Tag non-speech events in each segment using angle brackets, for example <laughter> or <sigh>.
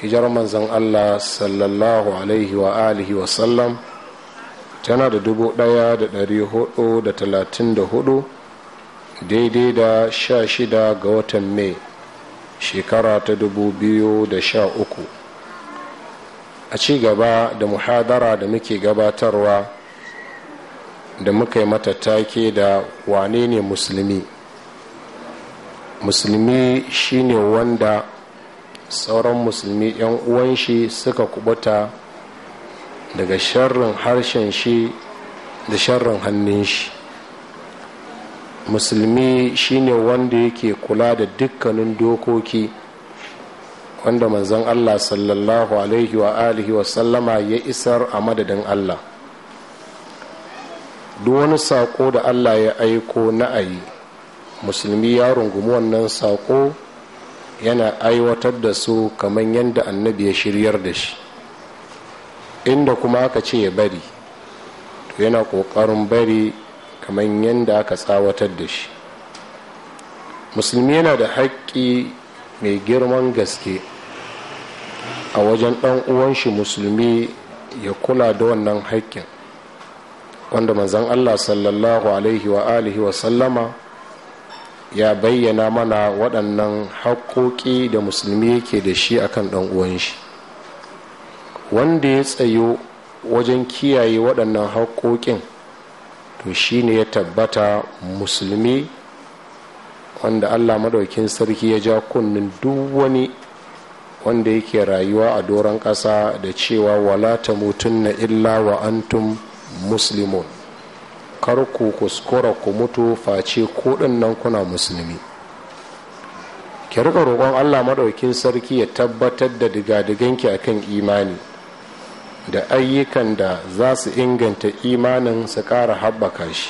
hijar manzan allah sallallahu alaihi wa alihi wa sallam tana da dubu daya da dari hudu da talatin da hudu daidai da sha shida ga watan mai shekara ta dubu biyu da sha uku a ci gaba da muhadara da muke gabatarwa da muka yi mata take da wane ne musulmi musulmi shine wanda sauran musulmi 'yan uwan shi suka kubuta daga sharrin harshen shi da sharrin hannun shi musulmi shine wanda yake kula da dukkanin dokoki wanda manzon allah sallallahu alaihi wa alihi wa sallama ya isar a madadin allah duk wani saƙo da allah ya aiko na ayi musulmi ya rungumi wannan saƙo yana aiwatar da su kamar yadda annabi ya shiryar da shi inda kuma aka ce ya bari to yana ƙoƙarin bari kamar yadda aka tsawatar da shi musulmi yana da haƙƙi mai girman gaske a wajen ɗan uwan shi musulmi ya kula da wannan haƙƙin wanda manzon allah sallallahu alaihi wa alihi wa sallama ya bayyana mana waɗannan haƙoƙi da musulmi yake da shi akan ɗan uwan shi wanda ya tsayo wajen kiyaye waɗannan haƙoƙin to shi ne ya tabbata musulmi wanda allah maɗaukin sarki ya ja kunnen duk wani wanda yake rayuwa a doron ƙasa da cewa wala ta na illa wa antum muslimun kar ku kuskura ku mutu face ko nan kuna musulmi ki rika roƙon allah maɗaukin sarki ya tabbatar da digadiganki akan imani da ayyukan da za su inganta imanin su ƙara haɓaka shi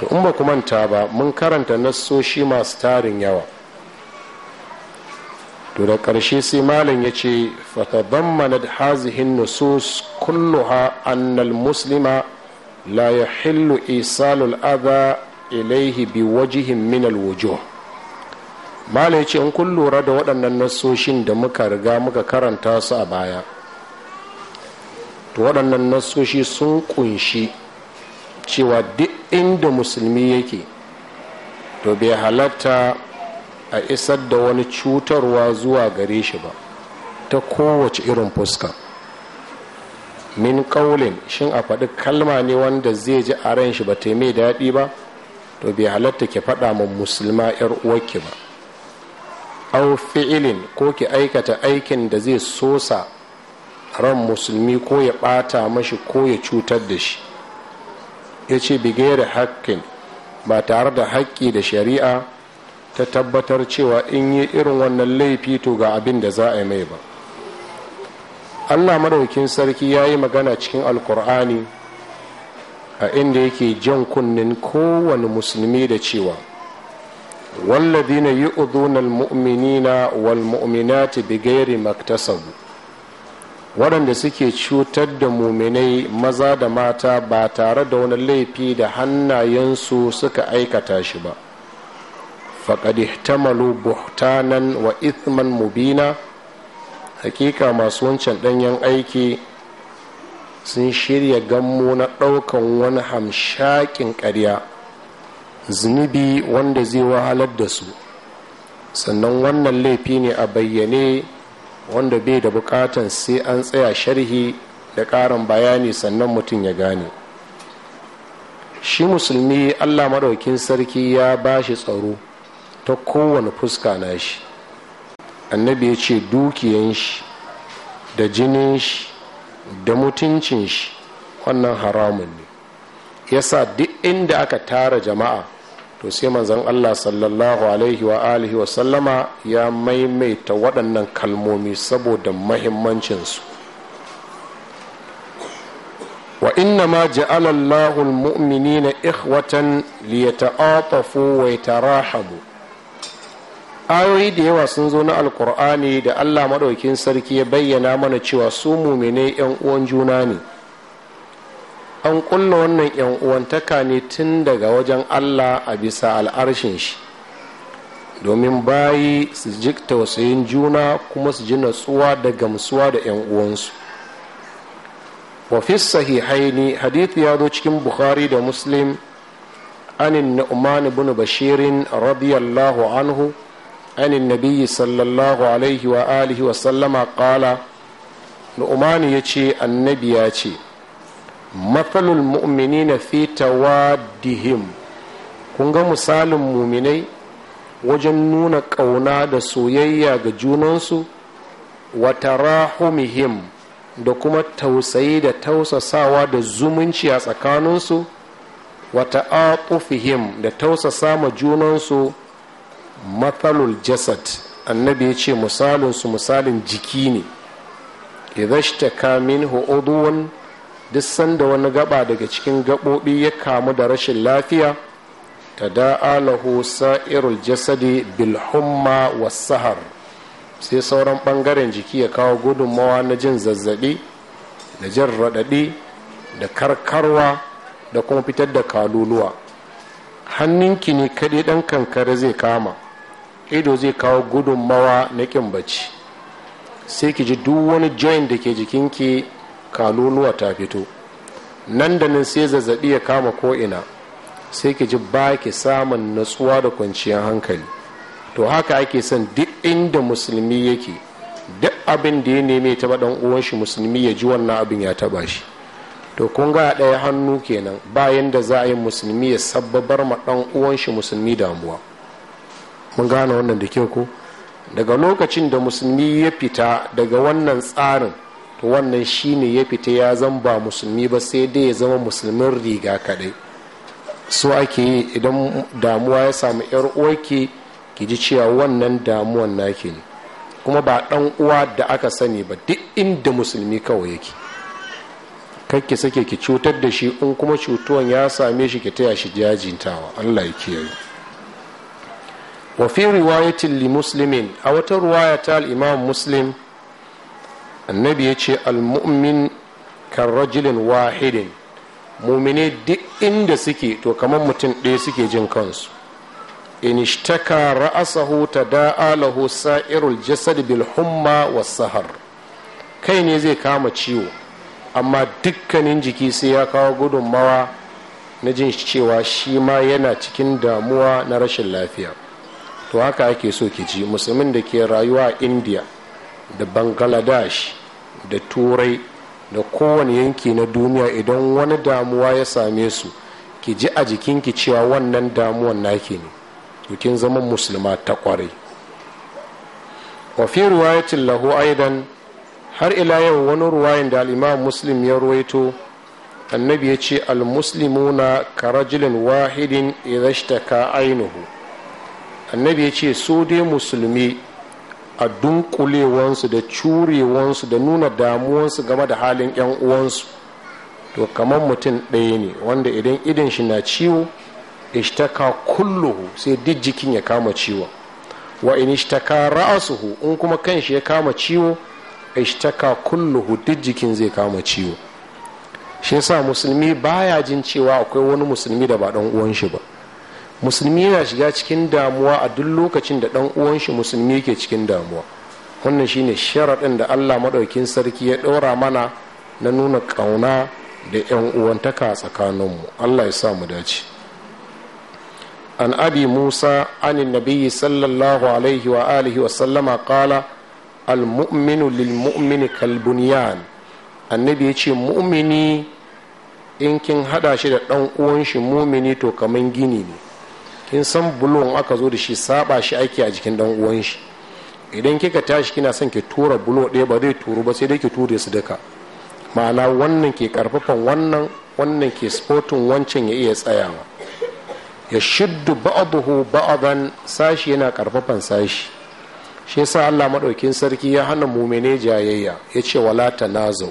to in ba ku manta ba mun karanta nassoshi masu tarin yawa to da ƙarshe sai malam ya ce fatadammanat hazihin nusus kulluha annal muslima la yahillu isalul adha ilaihi bi wajihin min alwujuh malai ce in kun lura da waɗannan nasoshin da muka riga muka karanta su a baya to waɗannan nasoshi sun kunshi cewa duk inda musulmi yake to bai halatta a isar da wani cutarwa zuwa gare shi ba ta kowace irin fuska min ƙaulin shin a faɗi kalma ne wanda zai ji a ran shi ba ta mai daɗi ba to bai halatta ki faɗa ma musulma yar uwarki ba au fi'ilin ko ki aikata aikin da zai sosa ran musulmi ko ya ɓata mashi ko ya cutar da shi ya ce bigere haƙƙin ba tare da haƙƙi da shari'a ta tabbatar cewa in yi irin wannan laifi to ga abin da za a yi mai ba allah madaukin sarki ya yi magana cikin alkur'ani a inda yake jan kunnen kowane musulmi da cewa والذين yi المؤمنين والمؤمنات بغير ما اكتسبوا waɗanda suke cutar da muminai maza da mata ba tare da wani laifi da hannayensu suka aikata shi ba faƙad ihtamalu buhtanan wa ithman mubina hakika masu wancan ɗanyen aiki sun shirya gammo na ɗaukan wani hamshakin ƙarya zunubi wanda zai wahalar da su sannan wannan laifi ne a bayyane wanda bai da bukatan sai an tsaya sharhi da ƙarin bayani sannan mutum ya gane shi musulmi allah maɗaukin sarki ya ba shi tsaro ta kowane fuska na shi annabi ya ce dukiyan shi da jinin shi da mutuncin shi wannan haramun ne yasa duk inda aka tara jama'a to sai manzon Allah sallallahu alaihi wa alihi wa sallama ya maimaita waɗannan kalmomi saboda mahimmancinsu wa inna ma ja'ala Allahul muminina ikhwatan liyata'atafu wa yatarahamu ayoyi da yawa sun zo na alkur'ani da allah maɗaukin sarki ya bayyana mana cewa su mumine 'yan uwan juna ne an ƙulla wannan 'yan uwantaka ne tun daga wajen allah a bisa al'arshin shi domin bayi su ji tausayin juna kuma su ji natsuwa da gamsuwa da 'yan uwansu wa fi sahihaini hadithu ya zo cikin bukhari da muslim anin na'uman ibn bashirin radiyallahu anhu عن النبي صلى الله عليه وآله وسلم قال نؤمان يتي النبي يتي مثل المؤمنين في توادهم kunga misalin muminai wajen nuna ƙauna da soyayya ga junansu wata rahumihim da kuma tausayi da tausasawa da zumunci a tsakaninsu wata aƙufihim da tausasa ma junansu matsalul jasad annabi ya ce su misalin jiki ne ta kamin hu'uduwan duk sanda wani gaba daga cikin gaɓoɓi ya kamu da rashin lafiya ta da'alahu sa'irul jasadi wa sahar sai sauran ɓangaren jiki ya kawo gudunmawa na jin zazzaɓi da jin raɗaɗi da karkarwa da kuma fitar da kaluluwa hannunki ne kaɗai ɗan kankare zai kama ido zai kawo gudunmawa na ƙin bacci sai ki ji duk wani joint da ke jikinki kaluluwa ta fito nan da nan sai zazzabi ya kama ko'ina sai ki ji ba ki samun natsuwa da kwanciyar hankali to haka ake son duk inda musulmi yake duk abin da ya neme taɓa ɗan uwan shi musulmi ya ji wannan abin ya taɓa shi to kun ga ɗaya hannu kenan bayan da za a yi musulmi ya sabbabar ma ɗan uwan shi musulmi damuwa mun gane wannan da kyau ko daga lokacin da musulmi ya fita daga wannan tsarin to wannan shine ya fita ya zama ba musulmi ba sai dai ya zama musulmin riga kadai so ake yi idan damuwa ya samu yar uwarki ki ji cewa wannan damuwan naki ne kuma ba dan uwa da aka sani ba duk inda musulmi kawai yake ki sake ki cutar da shi in kuma cutuwan ya same shi ki taya shi jajintawa allah ya kiyaye wa fi riwayatin li muslimin a wata ruwaya ta al'imam muslim annabi ya ce al-mu'min kan rajulin wahidin mumine duk inda suke to kamar mutum ɗaya suke jin kansu in ishtaka ra'asahu tada'a lahu sa'irul jasad bil humma wa sahar kai ne zai kama ciwo amma dukkanin jiki sai ya kawo gudunmawa na jin cewa shi ma yana cikin damuwa na rashin lafiya to haka ake so ki ji musulmin da ke rayuwa a india da bangladesh da turai da kowane yanki na duniya idan wani damuwa ya same su ki ji a jikinki cewa wannan damuwan naki ne bikin zaman zama musulma ta kwarai wa fi lahu aidan har ila yau wani ruwayin da al'imam muslim ya ruwaito annabi ya ce al muslimu na karajilin wahidin idhashtaka ainihu annabi ya ce so dai musulmi a dunkulewansu da curewansu da nuna damuwansu game da halin 'yan uwansu to kamar mutum ɗaya ne wanda idan idan shi na ciwo ishtaka kulluhu sai duk jikin ya kama ciwon wa in ishtaka ra'asuhu in kuma kanshi ya kama ciwo ishtaka kulluhu duk jikin zai kama ciwo shi yasa musulmi baya jin cewa akwai wani musulmi da ba dan uwan shi ba musulmi yana shiga cikin damuwa a duk lokacin da dan uwan shi musulmi ke cikin damuwa wannan shine sharaɗin da allah maɗaukin sarki ya ɗora mana na nuna ƙauna da 'yan uwantaka tsakaninmu allah ya sa mu dace an abi musa an nabiyyi sallallahu alaihi wa alihi wa sallama qala al mu'minu lil mu'mini kal annabi ya ce mu'mini in kin hada shi da ɗan uwan shi mumini to kaman gini ne kin san bulon aka zo da shi saba shi aiki a jikin dan uwan shi idan kika tashi kina son ki tura bulo ɗaya ba zai turu ba sai dai ki ture su duka ma'ana wannan ke karfafan wannan wannan ke sportin wancan ya iya tsayawa ya shiddu ba'dahu ba'dan sashi yana karfafan sashi shi yasa Allah madaukin sarki ya hana mumene jayayya yace wala tanazu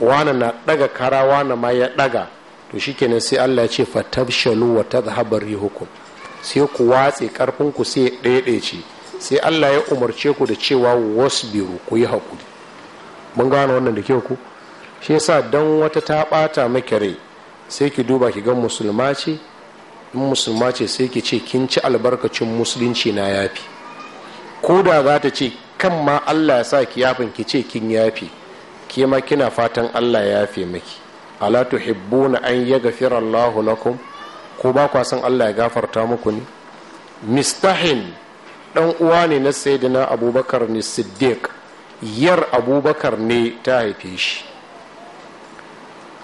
wana na daga kara wana ma ya daga to shikenan sai Allah ya ce fatabshalu wa tadhhabar rihukum sai ku watse karfin ku sai ce sai Allah ya umarce ku da cewa wasbiru ku yi hakuri mun gane wannan da ku shi yasa dan wata ta bata maki rai sai ki duba ki ga musulma ce in musulma ce sai ki ce kin ci albarkacin musulunci na yafi ko da za ta ce kan ma Allah ya sa ki yafin ki ce kin yafi ke ma kina fatan Allah ya yafe maki ala tuhibbuna an yaghfira Allahu lakum ko ba kwa san Allah ya gafarta muku ne mistahin dan uwa ne na sayyidina abubakar ne siddiq yar abubakar ne ta haife shi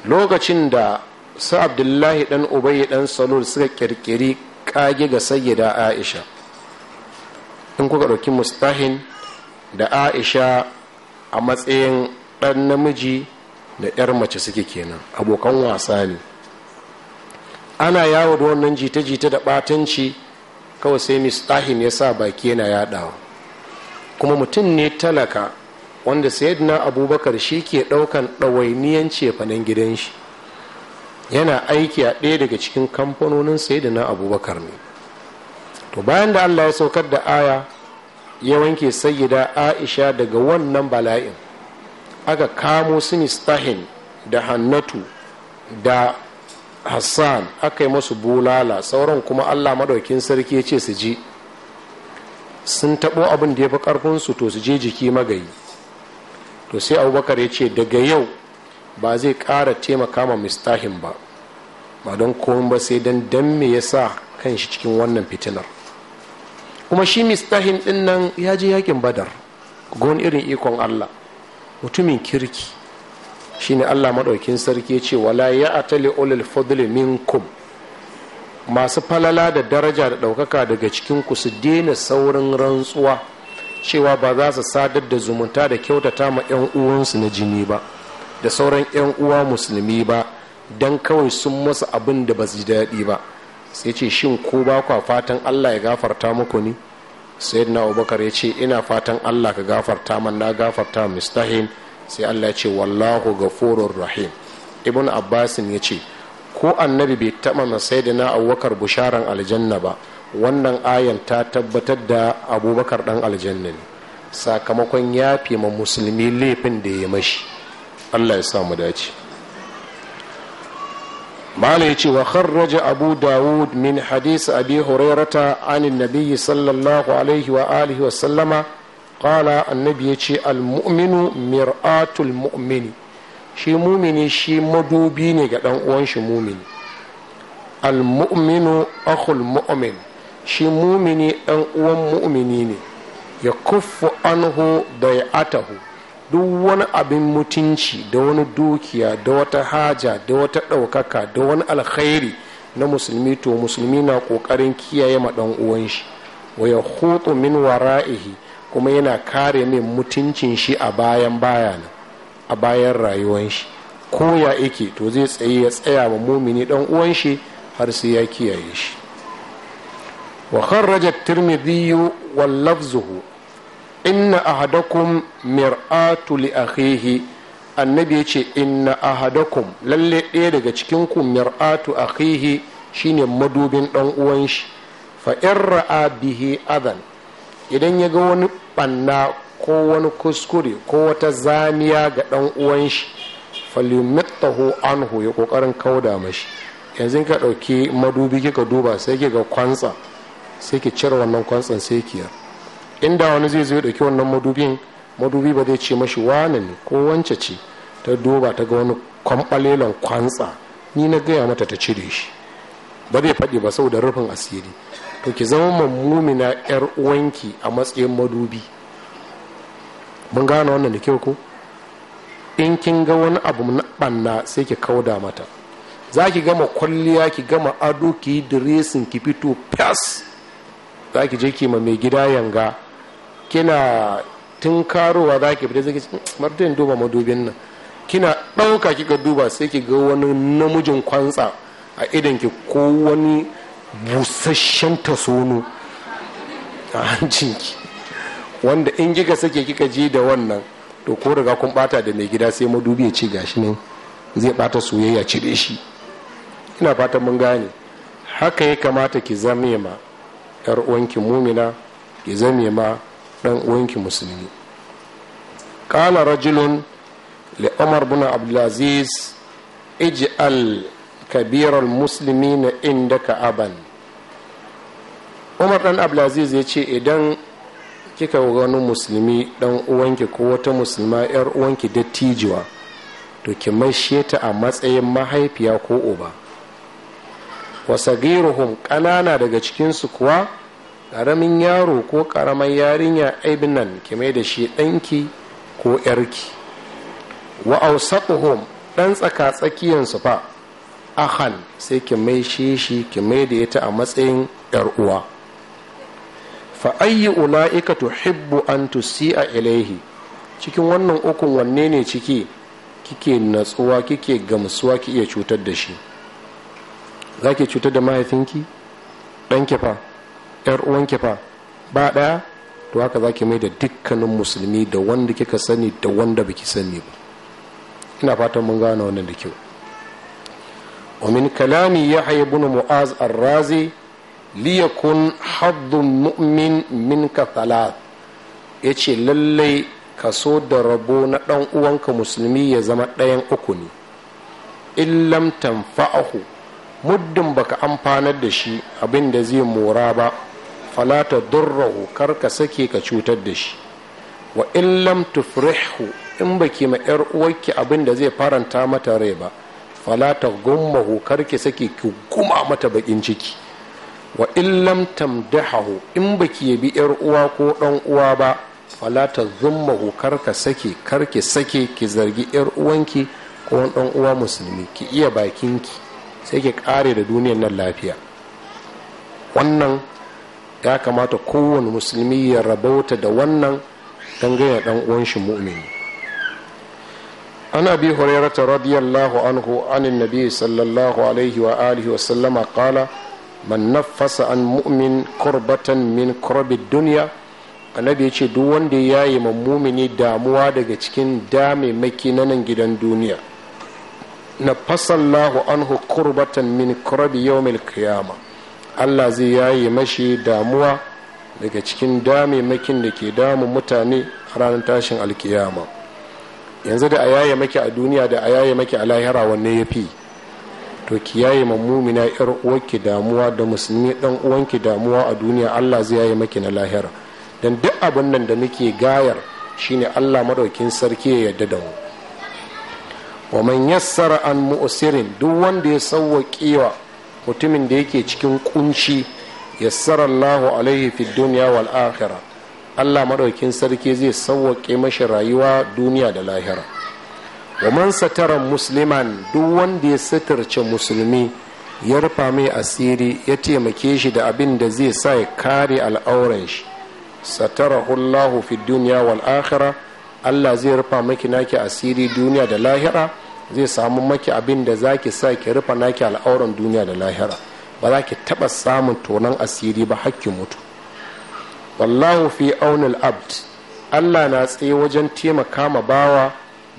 lokacin da su abdullahi dan ubayi dan salul suka kirkiri kage ga sayyida aisha in kuka ɗauki mustahin da aisha a matsayin ɗan namiji da 'yar mace suke kenan abokan wasa ne ana yawo da wannan jita-jita da batanci kawai sai mistahim ya sa baki yana yadawa kuma mutum ne talaka wanda sayyidina abubakar shi ke ɗaukan ɗawainiyan cefanen gidan shi yana aiki a ɗaya daga cikin kamfanonin sayyidina abubakar ne to bayan da allah ya saukar da aya ya wanke sayyida aisha daga wannan bala'in aka kamo su mistahin da hannatu da hassan aka yi masu bulala sauran kuma allah maɗaukin sarki ya ce su ji sun taɓo abin da ya fi ƙarfinsu to su je jiki magayi to sai abubakar ya ce daga yau ba zai ƙara taimaka ma mistahin ba ba don komin ba sai don dan me ya sa kan shi cikin wannan fitinar kuma shi mistahin ɗin nan ya je yakin badar gon irin ikon allah mutumin kirki shine allah maɗaukin sarki ya ce wala ya atali ulil fadli minkum masu falala da daraja da ɗaukaka daga cikin ku su daina saurin rantsuwa cewa ba za su sadar da zumunta da kyautata ma 'yan uwansu na jini ba da sauran 'yan uwa musulmi ba don kawai sun masu abin da ba su daɗi ba sai ce shin ko ba fatan allah ya gafarta muku ne sayyidina abubakar ya ce ina fatan allah ka gafarta man na gafarta mistahin sai allah ya ce wallahu gafurur rahim ibn abbasin ya ce ko annabi bai taɓa ma sayyidina abubakar busharan aljanna ba wannan ayan ta tabbatar da abubakar dan aljanna ne sakamakon ya fi ma musulmi laifin da ya mashi allah ya samu mu dace mala ya ce wa kharraja abu dawud min hadis abi hurairata anin nabiyyi sallallahu alaihi wa alihi wa sallama qala annabi ya ce mu'minu mir'atul mu'mini shi mumini shi madubi ne ga dan uwan shi mumini almu'minu akhul mu'min shi mumini dan uwan mu'mini ne ya kuffu anhu bai'atahu duk wani abin mutunci da wani dukiya da wata haja da wata ɗaukaka da wani alkhairi na musulmi to musulmi na ƙoƙarin kiyaye ma ɗan uwan shi waya ya hutu min wara'ihi kuma yana kare mai mutuncin shi a bayan bayanan, a bayan rayuwan shi ko ya ike to zai tsaye ya tsaya wa mumini ɗan uwan shi har sai ya kiyaye shi wa kharrajat tirmidhi wal lafzuhu inna ahadakum mir'atu li akhihi annabi yace inna ahadakum lalle ɗaya daga cikin ku mir'atu akhihi shine madubin ɗan uwan shi fa in ra'a bihi adan idan ya ga wani banna ko wani kuskure ko wata zaniya ga ɗan uwan shi falyumittahu anhu ya kokarin kauda mashi yanzu ka ɗauki madubi kika duba sai kiga kwantsa sai ki cire wannan kwantsan sai ki inda wani zai zai dauki wannan madubin madubi ba zai ce mashi wane ne ko wance ce ta duba ta ga wani kwamɓalelon kwantsa ni na gaya mata ta cire shi ba zai faɗi ba saboda rufin asiri to ki zama mummumina yar uwanki a matsayin madubi mun gane wannan da kyau ko in kin ga wani abu na banna sai ki kauda mata za ki gama kwalliya ki gama ado ki yi diresin ki fito fas za ki je ki ma mai gida yanga kina tun za ki fita zaki martin mm, duba madubin nan kina ɗauka kika duba sai ki ga wani namijin kwantsa a idan ki ko wani busasshen tasono a hancinki wanda in kika sake kika ji da wannan to ko riga kun bata da mai gida sai madubi ya ce gashi ne zai bata soyayya cire shi ina fatan mun gane haka ya kamata ki zame ma yar uwanki mumina ki zame ma dan uwanki musulmi qala rajulun li umar bin abdulaziz ij'al kabiral muslimina indaka aban umar dan abdulaziz ya ce idan kika wani musulmi dan uwanki ko wata musulma yar uwanki dattijuwa to ki maishe ta a matsayin mahaifiya ko uba wasagiruhum ƙanana daga cikinsu kuwa ƙaramin yaro ko ƙaramar yarinya aibin nan ki mai da shi ɗanki ko ƴarki wa ausaquhum ɗan tsaka tsakiyansu fa ahan sai ki mai shi shi ki mai da ita a matsayin ‘yar uwa fa ayyu ula'ika tuhibbu an tusi'a ilaihi cikin wannan ukun wanne ne ciki kike natsuwa kike gamsuwa ki iya cutar da shi za ki cutar da mahaifinki ɗanki fa yar uwanki fa ba ɗaya to haka zaki mai da dukkanin musulmi da wanda kika sani da wanda baki sani ba ina fatan mun gane wannan da kyau ومن كلام يحيى بن معاذ liyakun ليكن حظ min منك ثلاث yace lallai kaso da rabo na ɗan uwanka musulmi ya zama ɗayan uku ne illam tanfa'ahu muddin baka amfanar da shi abin da zai mora ba falata durrahu kar ka sake ka cutar da shi wa in lam tufrihu in baki ma yar uwarki abin da zai faranta mata rai ba falata gummahu kar ki sake ki guma mata bakin ciki wa in lam tamdahu in baki bi yar uwa ko dan uwa ba falata zummahu kar ka sake kar ki sake ki zargi yar uwanki ko dan uwa musulmi ki iya bakinki sai ki kare da duniyar nan lafiya wannan ya kamata kowane musulmi ya rabauta da wannan dangane dan uwan shi mu'mini ana bi hurairata radiyallahu anhu anin nabi sallallahu alaihi wa alihi wa sallama qala man fasa an mu'min kurbatan min kurbi duniya annabi ya ce duk wanda ya yi mumini damuwa daga cikin dame maki na nan gidan duniya na fasallahu anhu kurbatan min kurbi yawmil qiyamah allah zai yaye mashi damuwa daga cikin damemakin da ke damu mutane a ranar tashin alkiyama yanzu da a yaye maki a duniya da a yaye maki a lahira wanne ya fi to ki yaye mummumina yar uwarki damuwa da musulmi dan uwanki damuwa a duniya allah zai yaye maki na lahira don duk abin nan da muke gayar shine allah madaukin sarki ya yadda da mu wa man yassara an mu'sirin duk wanda ya sawwaƙewa mutumin da yake cikin kunci yassarallahu alaihi fi duniya wal akhirah Allah maɗaukin sarki zai sauwaƙe mashi rayuwa duniya da lahira wa man satara musliman duk wanda ya satarce musulmi ya rufa mai asiri ya taimake shi da abin da zai sa ya kare al'auran shi satarahullahu fi duniya wal akhirah Allah zai rufa maki naki asiri duniya da lahira zai samu maki abin da za ki sa ki rufe naki al'auran duniya da lahira ba za ki taɓa samun tonon asiri ba hakki mutu wallahu fi aunil abd allah na tsaye wajen taimaka ma bawa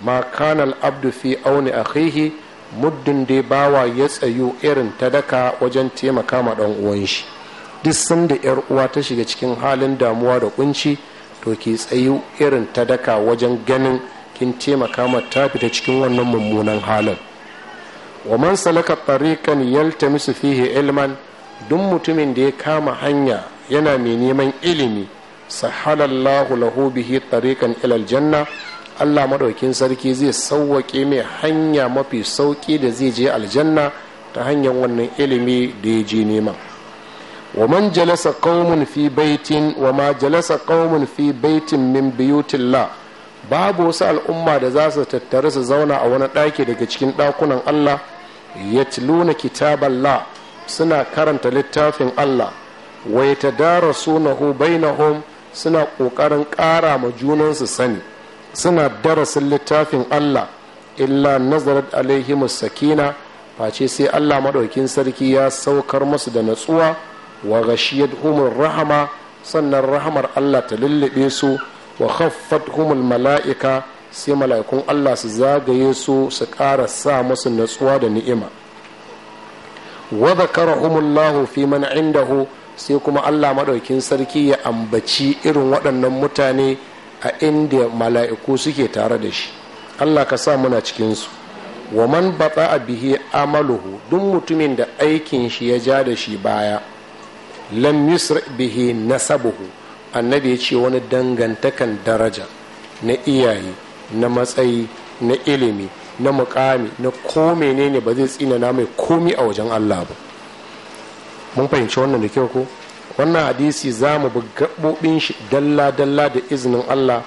ma kana al'abdu fi auni akhihi muddin dai bawa ya tsayu irin ta daka wajen taimaka ma ɗan uwan shi duk sun da yar uwa ta shiga cikin halin damuwa da kunci to ki tsayu irin ta daka wajen ganin kin taimaka ma ta fita cikin wannan mummunan halin wa man salaka tariqan yaltamisu fihi ilman duk mutumin da ya kama hanya yana mai neman ilimi sahalallahu lahu bihi tariqan ila aljanna Allah madaukin sarki zai sauwaƙe mai hanya mafi sauki da zai je aljanna ta hanyar wannan ilimi da ya je neman wa man jalasa qaumun fi baitin wa ma jalasa qaumun fi baitin min buyutillah babu wasu al'umma da za su tattare su zauna a wani ɗaki daga cikin ɗakunan allah ya tiluna La suna karanta littafin allah wai ta dara sunahu bainahum suna ƙoƙarin ƙara ma junansu sani suna darasin littafin allah illa nazarat alaihimu, sakina face sai allah maɗaukin sarki ya saukar masu da natsuwa wa gashiyar rahama sannan rahamar allah ta lullube su wa humul mala'ika sai mala'ikun Allah su zagaye su su ƙara sa musu natsuwa da ni'ima wa zakarahumullahu fi man indahu sai kuma Allah madaukin sarki ya ambaci irin waɗannan mutane a inda mala'iku suke tare da shi Allah ka sa muna cikin su wa man bata a bihi amaluhu duk mutumin da aikin shi ya ja da shi baya lam yusra bihi nasabuhu annabi ya ce wani dangantakan daraja na iyaye na matsayi na ilimi na mukami na ne ne ba zai tsinana mai komi a wajen allah ba mun fahimci wannan da kyau ko wannan hadisi za mu bi gaɓoɓin shi dalla-dalla da izinin allah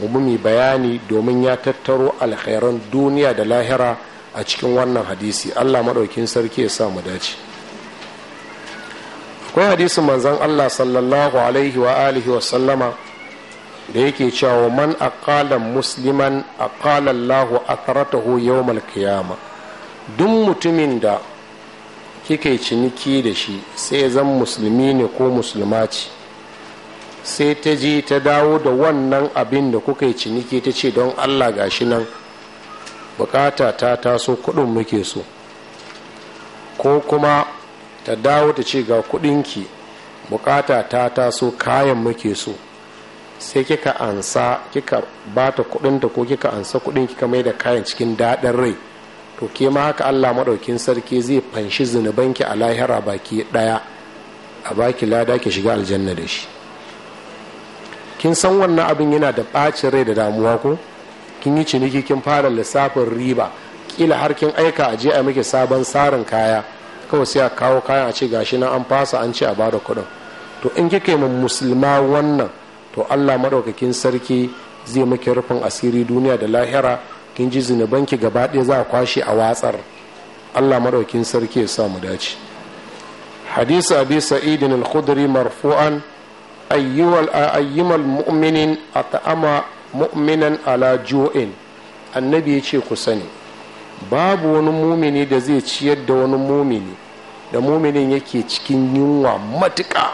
mu bi mai bayani domin ya tattaro alkhairan duniya da lahira a cikin wannan hadisi allah maɗaukin sarki ya sa mu dace kwai hadisin manzon Allah sallallahu alaihi wa alihi wa sallama da yake cewa man aqala musliman aqala Allahu atharatahu yawmal qiyama duk mutumin da kike ciniki da shi sai zan musulmi ne ko musulma ce sai ta ji ta dawo da wannan abin da kuka yi ciniki ta ce don Allah gashi nan bukata ta taso kudin muke so ko kuma ta dawo ta ce ga kudinki bukata ta taso kayan muke so sai kika ansa kika ba bata kudinta ko kika ansa kudin kika mai da kayan cikin daɗin rai to ke ma haka allah maɗaukin sarki zai fanshi zunubanki a lahira baki ɗaya a baki lada ki shiga aljanna da shi kin san wannan abin yana da ɓacin rai da damuwa ko kin yi ciniki kin fara lissafin riba kila har kin aika a je a miki sabon tsarin kaya kawai sai a kawo kayan a ce gashi na an fasa an ce a bada kuɗin to in kike ma musulma wannan to allah maɗaukakin sarki zai maki rufin asiri duniya da lahira kin ji ki gaba ɗaya za a kwashe a watsar allah maɗaukakin sarki ya sa mu dace hadisi abi sa'idin al-khudri marfu'an ayyumal mu'minin at'ama mu'minan ala ju'in annabi ya ce ku sani babu wani mumini da zai ciyar da wani mumini da muminin yake cikin yunwa matuƙa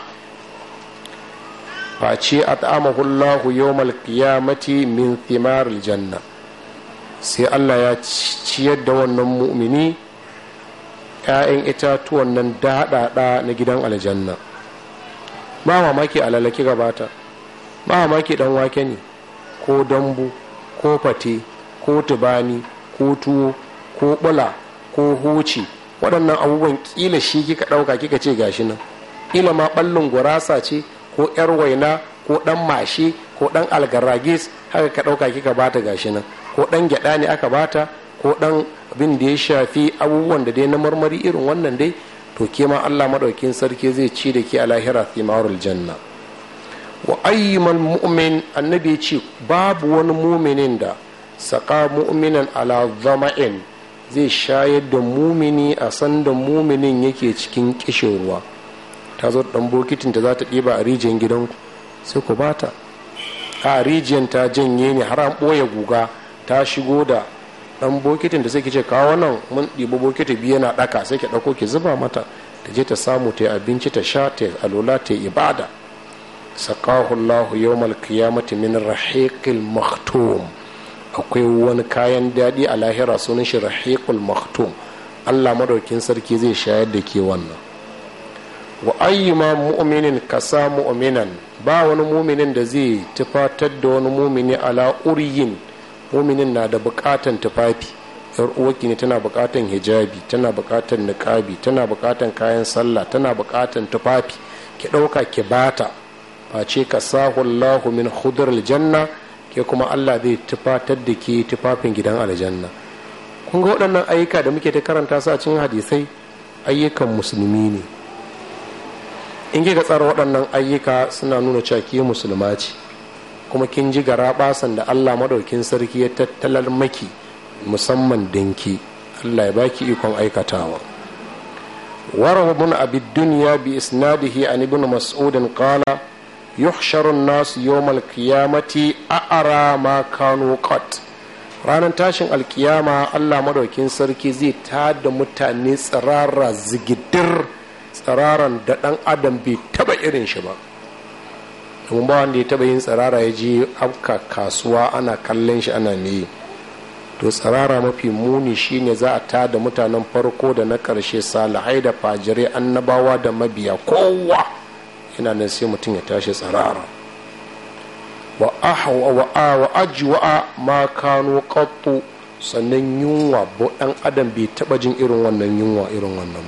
face at'amahullahu yawmal qiyamati min thimar aljanna sai Allah ya ciyar da wannan mumini ‘ya'yan itatuwan nan daɗaɗa na gidan aljanna ba mamaki alalaki gabata ba mamaki ɗan wake ne ko dambu ko fate ko tubani ko tuwo ko bula ko huci waɗannan abubuwan kila shi kika ɗauka kika ce gashi nan kila ma ɓallin gurasa ce ko yar waina ko ɗan mashi ko ɗan algaragis haka ka ɗauka kika bata gashi nan ko ɗan gyaɗa ne aka bata ko ɗan abin da ya shafi abubuwan da dai na marmari irin wannan dai to ke ma Allah maɗaukin sarki zai ci da ke a lahira thimarul janna wa ayyuman mu'min annabi ya ce babu wani muminin da saka mu'minan ala zama'in zai shayar da mumini a sanda muminin yake cikin kishin ruwa ta zo dan bokitin da za ta ɗiba a rijiyar gidanku sai ku bata a rijiyar ta janye ne har an ɓoye guga ta shigo da dan bokitin da sai ki ce kawo nan mun ɗiba bokiti biyu yana ɗaka sai ki ɗauko ki zuba mata ta je ta samu ta abinci ta sha ta alola ta yi ibada sakahu Allahu yawmal qiyamati min rahiqil mahtum akwai wani kayan daɗi a lahira sunan shi rahiqul maktum Allah madaukin sarki zai shayar da ke wannan wa ayyuma mu'minin kasa mu'minan ba wani muminin da zai tufatar da wani mumini ala uriyin muminin na da bukatan tufafi yar uwaki ne tana bukatan hijabi tana bukatan niqabi tana bukatan kayan sallah tana bukatan tufafi ki dauka ki bata face Allahu min khudril janna ke kuma Allah zai tufatar da ke tufafin gidan aljanna kun ga waɗannan ayyuka da muke ta karanta su a cikin hadisai ayyukan musulmi ne in ga tsara waɗannan ayyuka suna nuna cewa ke musulma ce kuma kin ji gara basan da Allah madaukin sarki ya tattalar maki musamman dinki Allah ya baki ikon aikatawa warahu ibn abi dunya bi isnadihi an ibn mas'udin qala yuhsharu nasu yawmal qiyamati a'ara ma kanu qat ranar tashin alkiyama Allah madaukin sarki zai tada mutane tsirara zigidir tsiraran da dan adam bai taba irin shi ba domin ba wanda ya taba yin tsirara ya ji abka kasuwa ana kallon shi ana ne to tsirara mafi muni shine za a ta da mutanen farko da na ƙarshe salihai da fajirai annabawa da mabiya kowa yana nan sai mutum ya tashi tsirara wa ahwa wa ma kano qattu sannan yunwa bo dan adam bai taba jin irin wannan yunwa irin wannan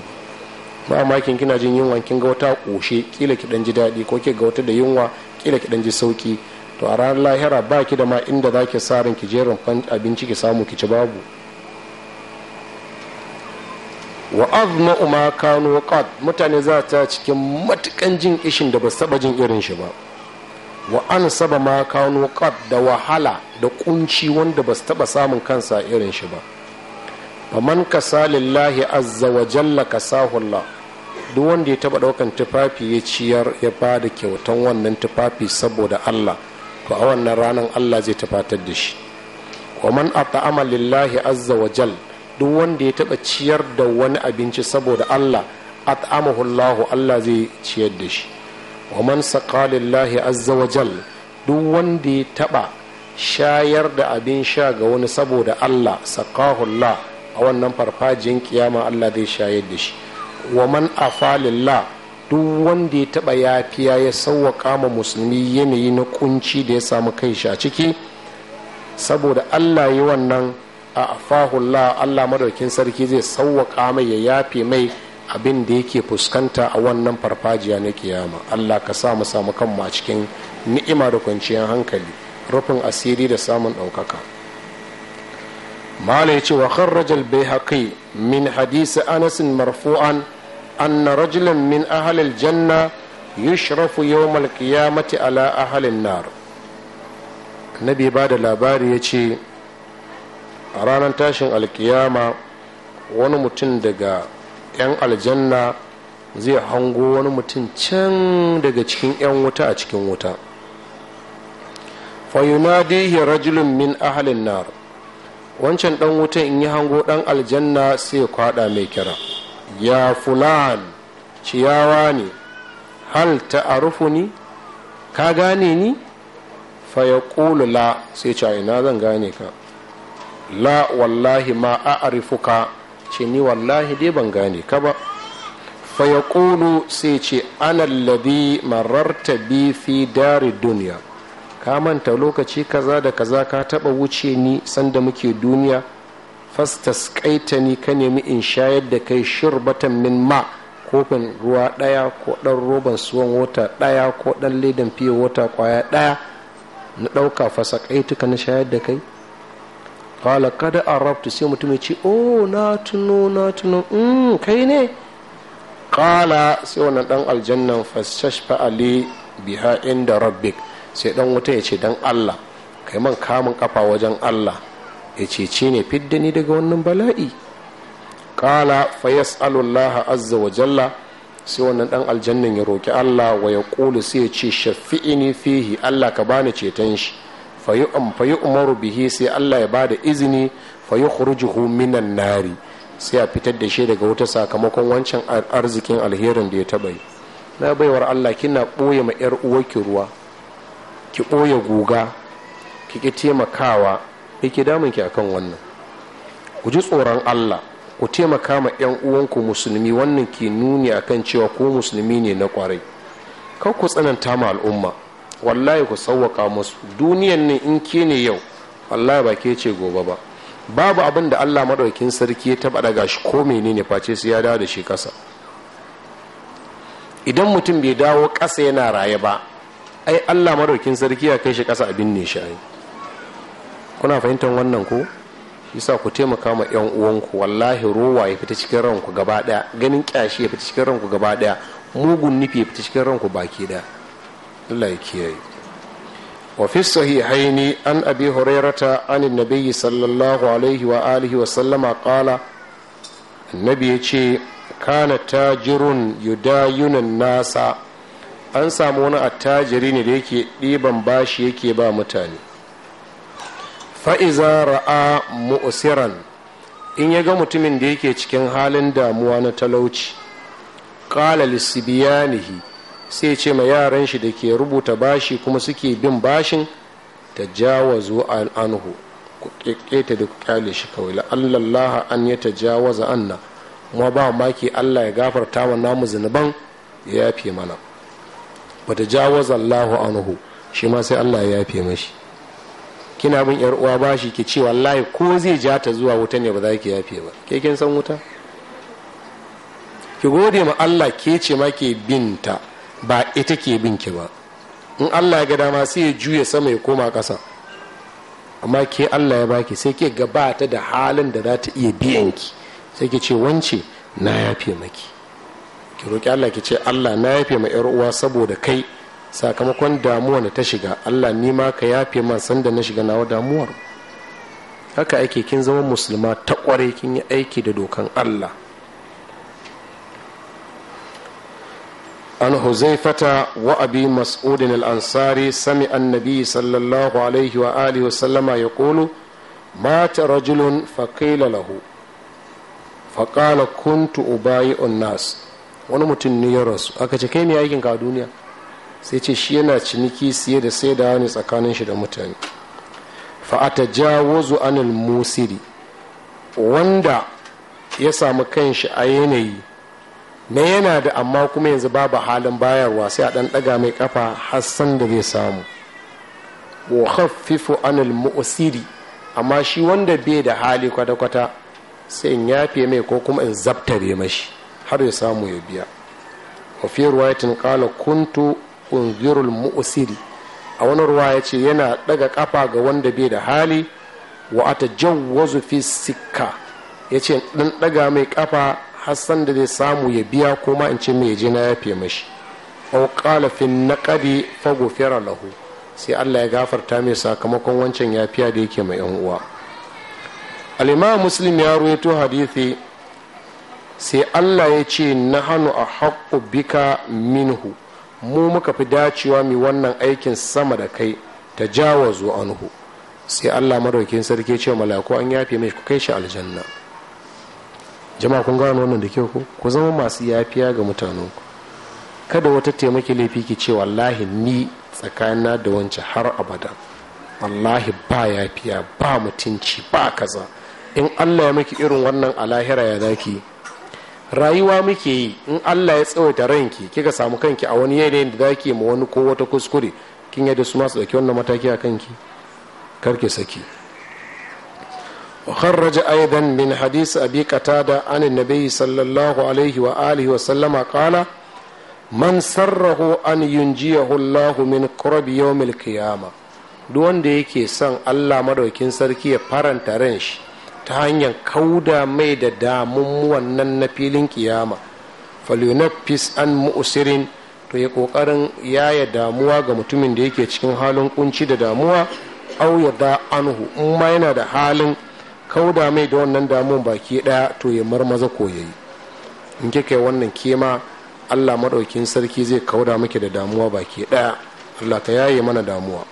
ba makin kina jin yunwa kin ga wata koshe kila ki dan ji daɗi ko ki ga wata da yunwa kila ki dan ji sauki to a ranar lahira ba ki da ma inda zaki sarin ki jerin abinci ki samu ki ci babu wa azma ma kanu qad mutane za ta cikin matukan jin ishin da ba saba jin irin shi ba wa an saba ma kanu qad da wahala da kunci wanda ba taba samun kansa irin shi ba man kasa lillahi azza wa jalla kasahullah duk wanda ya taba daukan tufafi ya ciyar ya ba da kyautan wannan tufafi saboda Allah to a wannan ranar Allah zai tafatar da shi wa man at'ama lillahi azza wa jalla duk wanda ya taɓa ciyar da wani abinci saboda Allah at'amahu Allah Allah zai ciyar da shi wa man saqa lillahi azza wa jal duk wanda ya taɓa shayar da abin sha ga wani saboda Allah saqahu Allah a wannan farfajiyan ƙiyama Allah zai shayar da shi wa man Afalillah duk wanda ya taba yafiya ya sauwaƙa ma musulmi yanayi na kunci da ya samu kai shi a ciki saboda allah yi wannan a afahullah allah madaukin sarki zai sauwaka mai ya yafe mai abin da yake fuskanta a wannan farfajiya na kiyama allah ka sa mu samu kanmu a cikin ni'ima da kwanciyar hankali rufin asiri da samun ɗaukaka mala ya ce wa kharrajal bai haƙi min hadisi anasin marfu'an anna rajulan min ahalil janna yushrafu yawmal qiyamati ala ahalin nar nabi ba da labari ya ce a ranar tashin alkiyama wani mutum daga 'yan aljanna zai hango wani mutum can daga cikin 'yan wuta a cikin wuta fayunadihi rajulun min ahalin nar wancan dan wuta in yi hango dan aljanna sai kwada mai kira ya fulan ciyawa ne hal ta arufu ni ka gane ni faya la sai ce ina zan gane ka la wallahi ma a'rifuka ce ni wallahi dai ban gane ka ba fa yaqulu sai ce ana alladhi mararta bi fi dari duniya ka manta lokaci kaza da kaza ka taba wuce ni sanda muke duniya fastas ni ka nemi in shayar da kai shirbatan min ma kofin ruwa ɗaya ko ɗan roban suwan wata ɗaya ko ɗan ledan fiye wata kwaya ɗaya na ɗauka fasa na shayar da kai qala kada arabtu sai mutum ya ce o oh, na tuno na tuno mm kai ne qala sai wannan dan aljannan fastashfa ali biha inda rabbik sai dan wuta ya ce dan Allah kai man kamun kafa wajen Allah ya ce ce ne fidda daga wannan bala'i qala fa Allah azza wa jalla sai wannan dan aljannan ya roki Allah wa ya qulu sai ya ce shafi'ini fihi Allah ka bani ceton shi fayi um, umaru bihi sai allah ya bada da izini fayi kuruji minan nari sai a fitar da shi daga wuta sakamakon wancan arzikin alherin da ya taba yi na baiwar allah kina ɓoye ma yar uwarki ruwa ki ɓoye guga ki ki taimakawa yake damun ki akan wannan ku ji tsoron allah ku taimaka ma yan uwanku musulmi wannan ke nuni akan cewa ko musulmi ne na kwarai kar ku tsananta ma al'umma wallahi ku sauwaka musu duniyan ne in ke ne yau wallahi ba ke ce gobe ba babu abin da allah maɗaukin sarki ya taɓa daga shi ko menene face su ya dawo da shi ƙasa idan mutum bai dawo ƙasa yana raye ba ai allah maɗaukin sarki ya kai shi ƙasa abin ne shi kuna fahimtar wannan ko yasa ku taimaka ma yan uwanku wallahi rowa ya fita cikin ranku gaba ɗaya ganin kyashi ya fita cikin ranku gaba ɗaya mugun nufi ya fita cikin ranku baki ɗaya. Allah ya kiyaye wa fi sahihaini an abi hurairata an annabi sallallahu alaihi wa alihi wa sallama qala annabi yace kana tajirun yudayunan nasa an samu wani attajiri ne da yake ɗiban bashi yake ba mutane fa'iza ra'a musiran in ya ga mutumin da yake cikin halin damuwa na talauci ƙala lisibiyanihi sai ce ma yaran shi da ke rubuta bashi kuma suke bin bashin ta jawazu anhu ku keketa da ku kyale shi kawai allah an ya ta jawaza anna kuma ba maki Allah ya gafarta wa namu zunuban ya yafe mana ba ta jawaza Allahu anhu shi ma sai Allah ya yafe mashi kina bin yar uwa bashi ki ce wallahi ko zai ja ta zuwa wuta ne ba za ki yafe ba ke kin san wuta ki gode ma Allah ke ce ma ke binta ba ita ke bin ki ba in allah ga dama sai ya juya sama ya koma ƙasa amma ke allah ya baki sai ke gabata da halin da za ta iya biyan ki sai ki ce wance na yafe maki ki roƙi allah ki ce allah na yafe ma yar uwa saboda kai sakamakon damuwa da ta shiga allah ni ma ka yafe ma sanda na shiga nawa damuwar haka ake kin zama musulma ta kware kin yi aiki da dokan allah عن حذيفة وأبي مسعود الأنصاري سمع النبي صلى الله عليه وآله وسلم يقول مات رجل فقيل له فقال كنت أبايع الناس wani mutum ne ya rasu aka ce kai ne aikin ka duniya sai ce shi yana ciniki siye da sai da wani tsakanin shi da mutane fa a jawo zuwa anil musiri wanda ya samu kanshi a yanayi na yana da amma kuma yanzu babu halin bayarwa sai a ɗan ɗaga mai kafa hassan da zai samu wa khaffifu anil mu'siri amma shi wanda bai da hali kwata-kwata sai in yafe mai ko kuma in zabtare mashi har ya samu ya biya wa fi ruwayatin qala kuntu unzirul mu'siri a wani ruwa ya ce yana ɗaga kafa ga wanda bai da hali wa atajawwazu fi sikka ya ce ɗan ɗaga mai kafa har da zai samu ya biya kuma in ce mai je na yafe mashi au na fi naqadi fa lahu sai Allah ya gafarta mai sakamakon wancan yafiya da yake mai yan uwa alima muslim ya ruwaito hadisi sai Allah ya ce hannu a haqqu bika minhu mu muka fi dacewa mai wannan aikin sama da kai ta jawazu anhu sai Allah madaukin sarki ya ce malaku an yafe mai ku kai shi aljanna jama'a kun gano wannan da kyau ko ku zama masu yafiya ga mutanen ku kada wata taimaki laifi ki ce wallahi ni tsakanina da wancan har abada wallahi ba yafiya ba mutunci ba kaza in allah ya miki irin wannan alahira ya zaki rayuwa muke yi in allah ya tsawaita ranki kika samu kanki a wani yanayin da zaki ma wani ko wata kuskure kin yadda su masu dauki wannan mataki a kanki karki saki وخرج أيضا من حديث أبي قتادة عن النبي صلى الله عليه وآله وسلم قال man sarrahu an yunjiyahu Allahu min qurbi yawmil qiyama duk wanda yake son Allah madaukin sarki ya faranta ran shi ta hanyar kauda mai da damun wannan na filin kiyama falyunaffis an mu'sirin to ya kokarin ya damuwa ga mutumin da yake cikin halin kunci da damuwa au ya da anhu in ma yana da halin kauda mai da wannan damuwan baki ɗaya to ya marmaza ko yayi in kika yi wannan kema allah maɗaukin sarki zai kauda miki da damuwa baki ɗaya allah ka yaye mana damuwa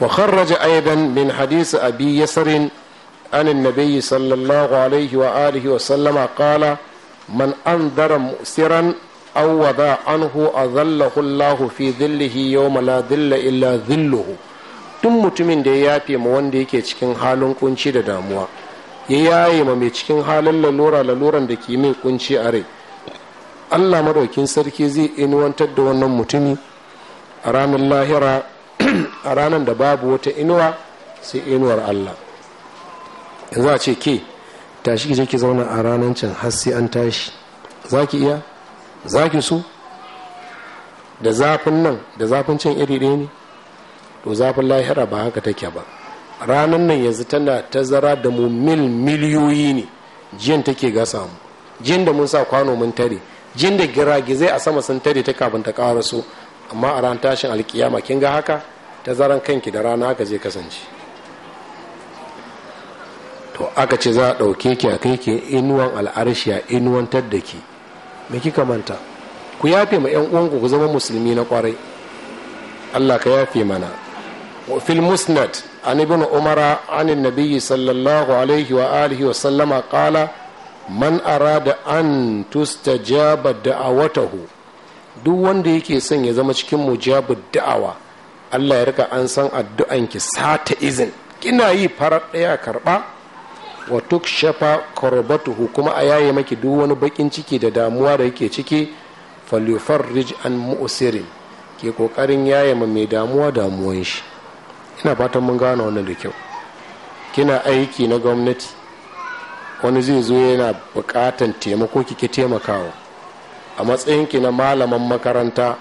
wa kharraja aidan min hadisi abi an عن sallallahu alaihi wa alihi wa sallama qala man andara مؤسرا aw wada anhu أظله allah fi dhillihi yawma la dhilla illa dhilluhu duk mutumin da ya yafe ma wanda yake cikin halin kunci da damuwa ya yaye ma mai cikin halin lalura laluran da ke mai kunci a rai allah madaukin sarki zai inuwantar da wannan mutumi a ranar lahira a ranar da babu wata inuwa sai inuwar allah yanzu a ce ke tashi ki ki zauna a ranar can har sai an tashi za ki iya za ki so da zafin nan da zafin can iri ɗaya ne to zafin lahira ba haka take ba ranar nan yanzu tana tazara da mu mil miliyoyi ne jiyan take gasa mu jiyan da mun sa kwano mun tare jiyan da giragizai a sama sun tare ta kafin ta ƙara su amma a ran tashin alkiyama kin ga haka tazaran kanki da rana haka zai kasance to aka ce za a ɗauke ki a kai ki inuwan al'arshi a inuwan taddaki me kika manta ku yafe ma 'yan uwanku ku zama musulmi na kwarai allah ka yafe mana filmusnat المسند عن ابن عمر عن النبي صلى الله عليه وآله وسلم قال man arada an tustajaba da'awatahu duk wanda yake son ya zama cikin mujabu da'awa Allah ya rika an san addu'an ki sata izin kina yi farar ɗaya karɓa wa tuk shafa karbatuhu kuma a yaye maki duk wani bakin ciki da damuwa da yake ciki falufarrij an mu'sirin ke kokarin yaye mai damuwa damuwan shi ina fatan mun gane wannan da kyau kina aiki na gwamnati wani zai zo yana bukatan taimako kike taimakawa a matsayinki na malaman makaranta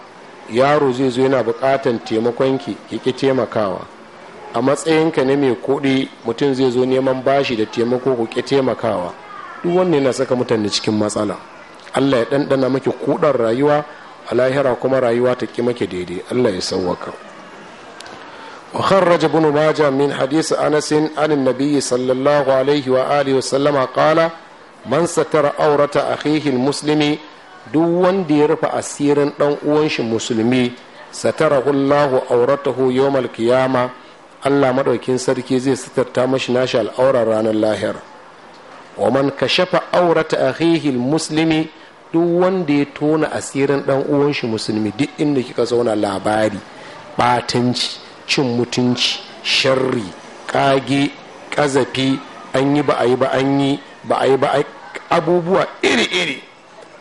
yaro zai zo yana bukatan taimakonki kike taimakawa a matsayinka na mai kuɗi mutum zai zo neman bashi da taimako ku ki taimakawa duk wannan yana saka mutane cikin matsala allah ya ɗanɗana maki kudar rayuwa a lahira kuma rayuwa ta ki maki daidai allah ya sauwaka وخرج ابن ماجه من حديث أنس عن النبي صلى الله عليه وآله وسلم قال من ستر أورة أخيه المسلم duk wanda ya rufe asirin ɗan uwan shi musulmi satara Allahu auratahu yawmal Allah madaukin sarki zai satarta mashi nashi al'aurar ranar lahira wa man kashafa aurata akhihi muslimi duk wanda ya tona asirin ɗan uwan shi musulmi duk inda kika zauna labari batanci cin mutunci sharri kage kazafi an yi ba a yi ba an yi ba a yi ba abubuwa iri-iri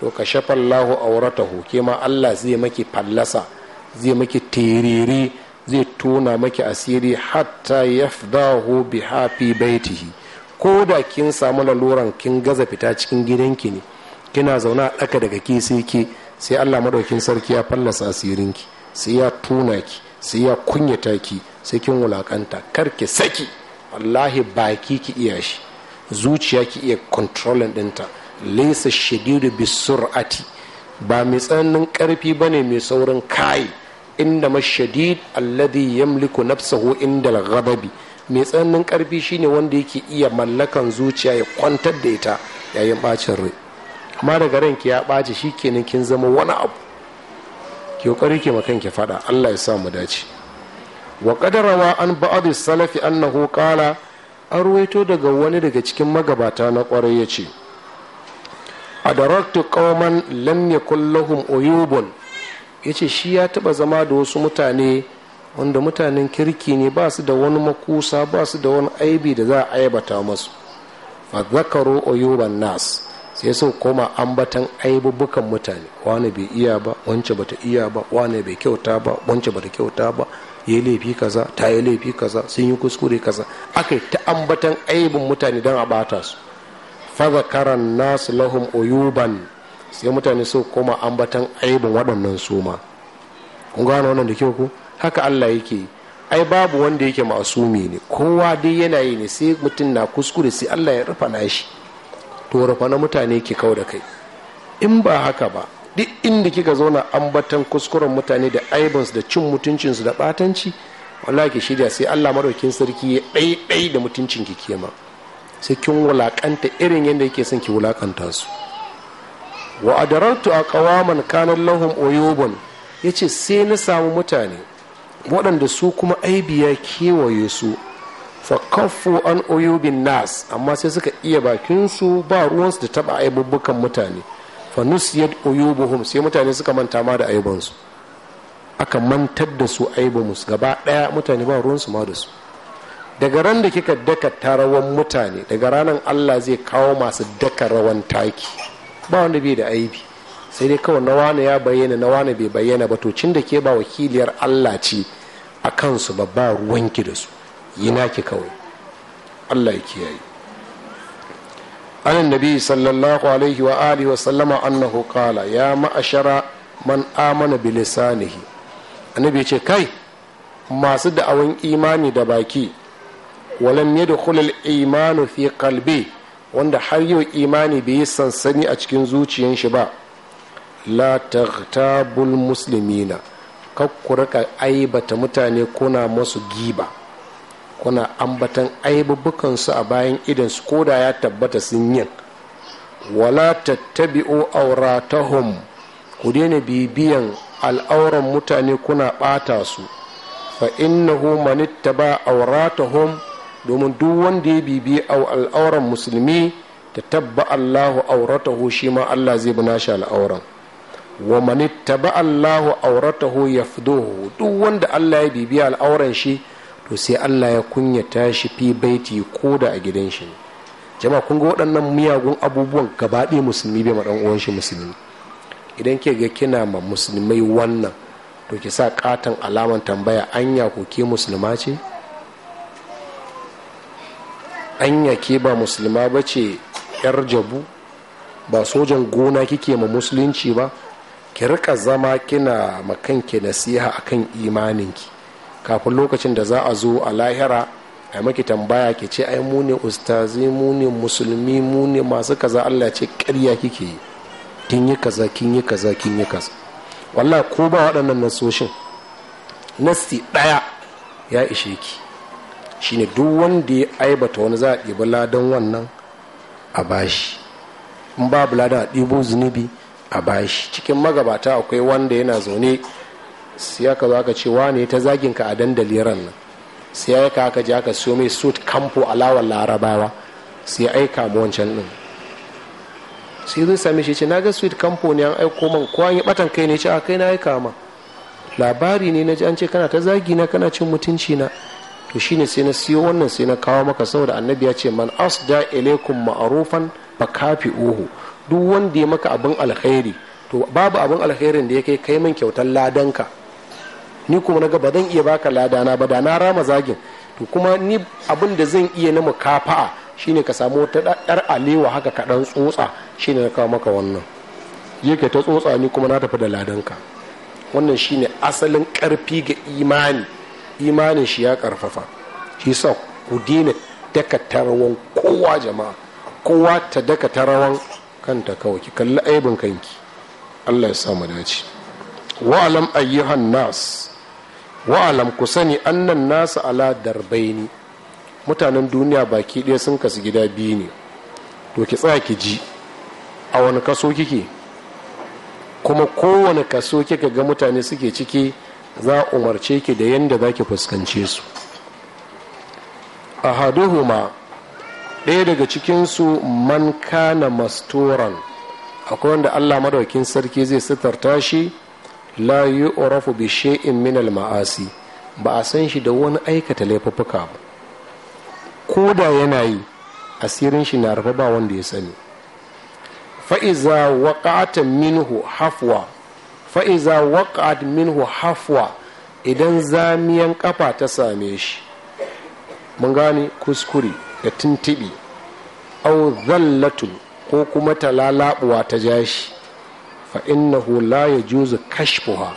to ka shafallahu auratahu hoke ma allah zai maki fallasa zai maki terere zai tona maki asiri hatta yafdahu bi hafi baitihi ko da kin samu laluran kin gaza fita cikin gidanki ne kina zaune a ɗaka daga ke sai ke sai allah madaukin sarki ya fallasa asirinki sai ya tona ki sai ya kunyata ki sai kin wulakanta kar ki saki wallahi baki ki iya shi zuciya ki iya controlling dinta laysa shadidu bi sur'ati ba mai tsananin karfi bane mai saurin kai inda mashadid alladhi yamliku nafsahu inda al-ghadabi mai tsananin karfi shine wanda yake iya mallakan zuciya ya kwantar da ita yayin bacin rai amma daga ranki ya bace shikenan kin zama wani abu ki kokari ki makan ki fada Allah ya sa mu dace wa qadarawa an ba'd salafi annahu qala an ruwaito daga wani daga cikin magabata na kwarai yace adaraktu qauman lam yakul lahum uyubun yace shi ya taba zama da wasu mutane wanda mutanen kirki ne ba su da wani makusa ba su da wani aibi da za a aibata masu fa zakaru uyuban nas sai sun koma ambatan aibubukan mutane wane bai iya ba wance bata iya ba wane bai kyauta ba wance bata kyauta ba yi laifi kaza ta yi laifi kaza sun yi kuskure kaza akai ta ambatan aibin mutane don a bata su karan nasu lahum uyuban sai mutane su koma ambatan aibin waɗannan su ma kun gane wannan da kyau ku haka Allah yake ai babu wanda yake masumi ne kowa dai yana yi ne sai mutum na kuskure sai Allah ya rufa nashi to rufa na mutane ki kau da kai in ba haka ba duk inda kika zauna ambatan kuskuren mutane da aibinsu da cin mutuncinsu da batanci wallahi ki shirya sai Allah madaukin sarki ya ɗaiɗai da mutuncin ki kema sai kin wulaƙanta irin yadda yake son ki wulakanta su wa adarartu a ƙawaman kanan lahum oyobon ya ce sai na samu mutane waɗanda su kuma aibiya kewaye su fakafu an oyubin nas amma sai suka iya bakinsu ba ruwansu da taba aibubbukan mutane fa nusiyat oyubuhum sai mutane suka manta ma da aibansu aka mantar da su aibansu gaba daya mutane ba ruwansu ma da su daga ran da kika daka tarawan mutane daga ranar allah zai kawo masu daka rawan taki ba wanda bai da aibi sai dai kawai na wane ya bayyana na wane bai bayyana ba to cin da ke ba wakiliyar allah ce a kansu ba ba ruwanki da su yi naki kawai allah ya kiyaye an nabi sallallahu alaihi wa alihi wa sallama annahu qala ya ma'ashara man amana bi lisanihi annabi ce kai masu da'awan imani da baki walam yadkhul al imanu fi qalbi wanda har yau imani bai yi sansani a cikin zuciyar shi ba la taghtabul muslimina kakkurka aibata mutane kuna masu giba kuna ambatan aibubukansu a bayan idansu ko da ya tabbata sun yin wala tattabi'u auratahum ku daina bibiyan al'auran mutane kuna ɓata su fa innahu man ittaba auratahum domin duk wanda ya bibi al'auran musulmi ta tabba Allahu auratahu shi ma Allah zai bina shi al'auran wa man ittaba Allahu auratahu yafduhu duk wanda Allah ya bibi al'auran shi to sai allah ya kunyata shi fi baiti ko da a gidan shi jama'a kun ga waɗannan miyagun abubuwan gabaɗe musulmi bai maɗan uwan shi musulmi idan ke ga kina ma musulmai wannan to ki sa katon alaman tambaya anya ko ke musulma ce anya ke ba musulma ba ce yar jabu ba sojan gona kike ma musulunci ba ki rika zama kina makanki nasiha akan imaninki kafin lokacin da za a zo a lahira a maki tambaya ke ce ai mu ne ustazi mu ne musulmi mu ne masu kaza Allah ce karya kike yi kin yi kaza kin yi kaza kin yi kaza wallahi ko ba waɗannan nasoshin nasti ɗaya ya ishe ki shine duk wanda ya aibata wani za a ɗiba ladan wannan a bashi in babu ladan a ɗibo zunubi a bashi cikin magabata akwai wanda yana zaune sai aka zo aka ce wane ta zagin ka a dandali ran nan sai ya aika aka je aka siyo mai suit kamfo alawar larabawa sai ya aika mu wancan din sai zai sami shi ce na ga suit kamfo ne an aiko man ko an yi batan kai ne ce a kai na aika ma labari ne na ji an ce kana ta zagi na kana cin mutunci na to shine sai na siyo wannan sai na kawo maka saboda annabi ya ce man as asda ilaikum ma'rufan fakafi uhu duk wanda ya maka abin alkhairi to babu abin alkhairin da ya kai kai man kyautar ladanka ni kuma na ga ba zan iya baka ladana ba da na rama zagin to kuma ni abin da zan iya na mukafa'a shine ka samu wata dar alewa haka kaɗan tsotsa shine na kawo maka wannan yake ka ta tsotsa ni kuma na tafi da ladanka wannan shine asalin karfi ga imani imanin shi ya ƙarfafa shi sa ku daina daka kowa jama'a kowa ta daka kanta kawai ki kalli aibin kanki Allah ya sa mu dace Wa alam ayyuhan nas wa'alam ku sani annan nasu ala ne mutanen duniya baki ɗaya sun kasu gida biyu ne to ki tsaya ki ji a wani kaso kike kuma kowane kaso kika ga mutane suke ciki za a umarce ki da yadda za ki fuskance su a haduhuma ɗaya daga cikinsu man kana mastoran akwai wanda allah madaukin sarki zai sitarta shi la orafu bi she'in min maasi ba a san shi da wani aikata laifuffuka ba ko da yana yi asirin shi na rufe ba wanda ya sani fa'iza waƙa'ata minhu hafwa fa'iza waƙ'at minhu hafwa idan zamiyan ƙafa ta same shi mun gane kuskure da tuntuɓi au zallatun ko kuma talalaɓuwa ta jashi fa hula la yajuzu kashfuha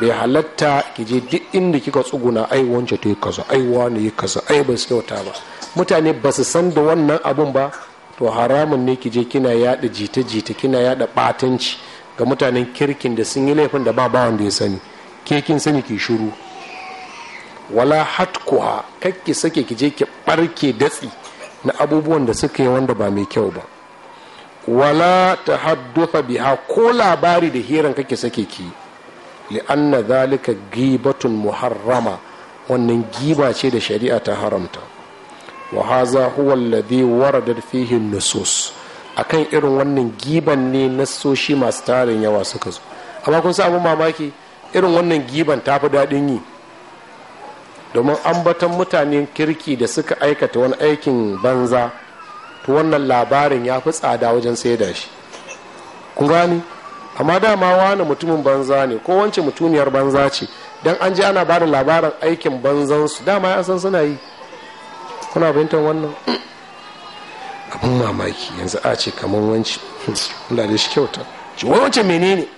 bai halatta ki je duk inda kika tsuguna ai wance ta yi kaza ai wani yi kaza ai ba su kyauta ba mutane ba su san da wannan abun ba to haramun ne ki je kina yada jita jita kina yada batanci ga mutanen kirkin da sun yi laifin da ba bawan da ya sani ke kin sani ki shiru wala hatkuha kakki sake ki je ki barke datsi na abubuwan da suka yi wanda ba mai kyau ba wala ta haddufa biha ko labari da hiran kake sake ki li'anna zalika gibatun muharrama wannan giba ce da shari'a ta haramta wa haza huwa alladhi waradat fihi nusus akan irin wannan giban ne nasoshi masu tarin yawa suka zo amma kun samun mamaki irin wannan giban ta fi daɗin yi domin ambatan mutanen kirki da suka aikata wani aikin banza to wannan labarin ya fi tsada wajen saida shi kun gani amma dama wani mutumin banza ne ko wance mutuniyar banza ce dan an ji ana ba da labarin aikin banzansu dama ya san suna yi kuna fahimtar wannan abin mamaki yanzu a ce kamar wanci da <laughs> da shi kyauta ci wance wancan menene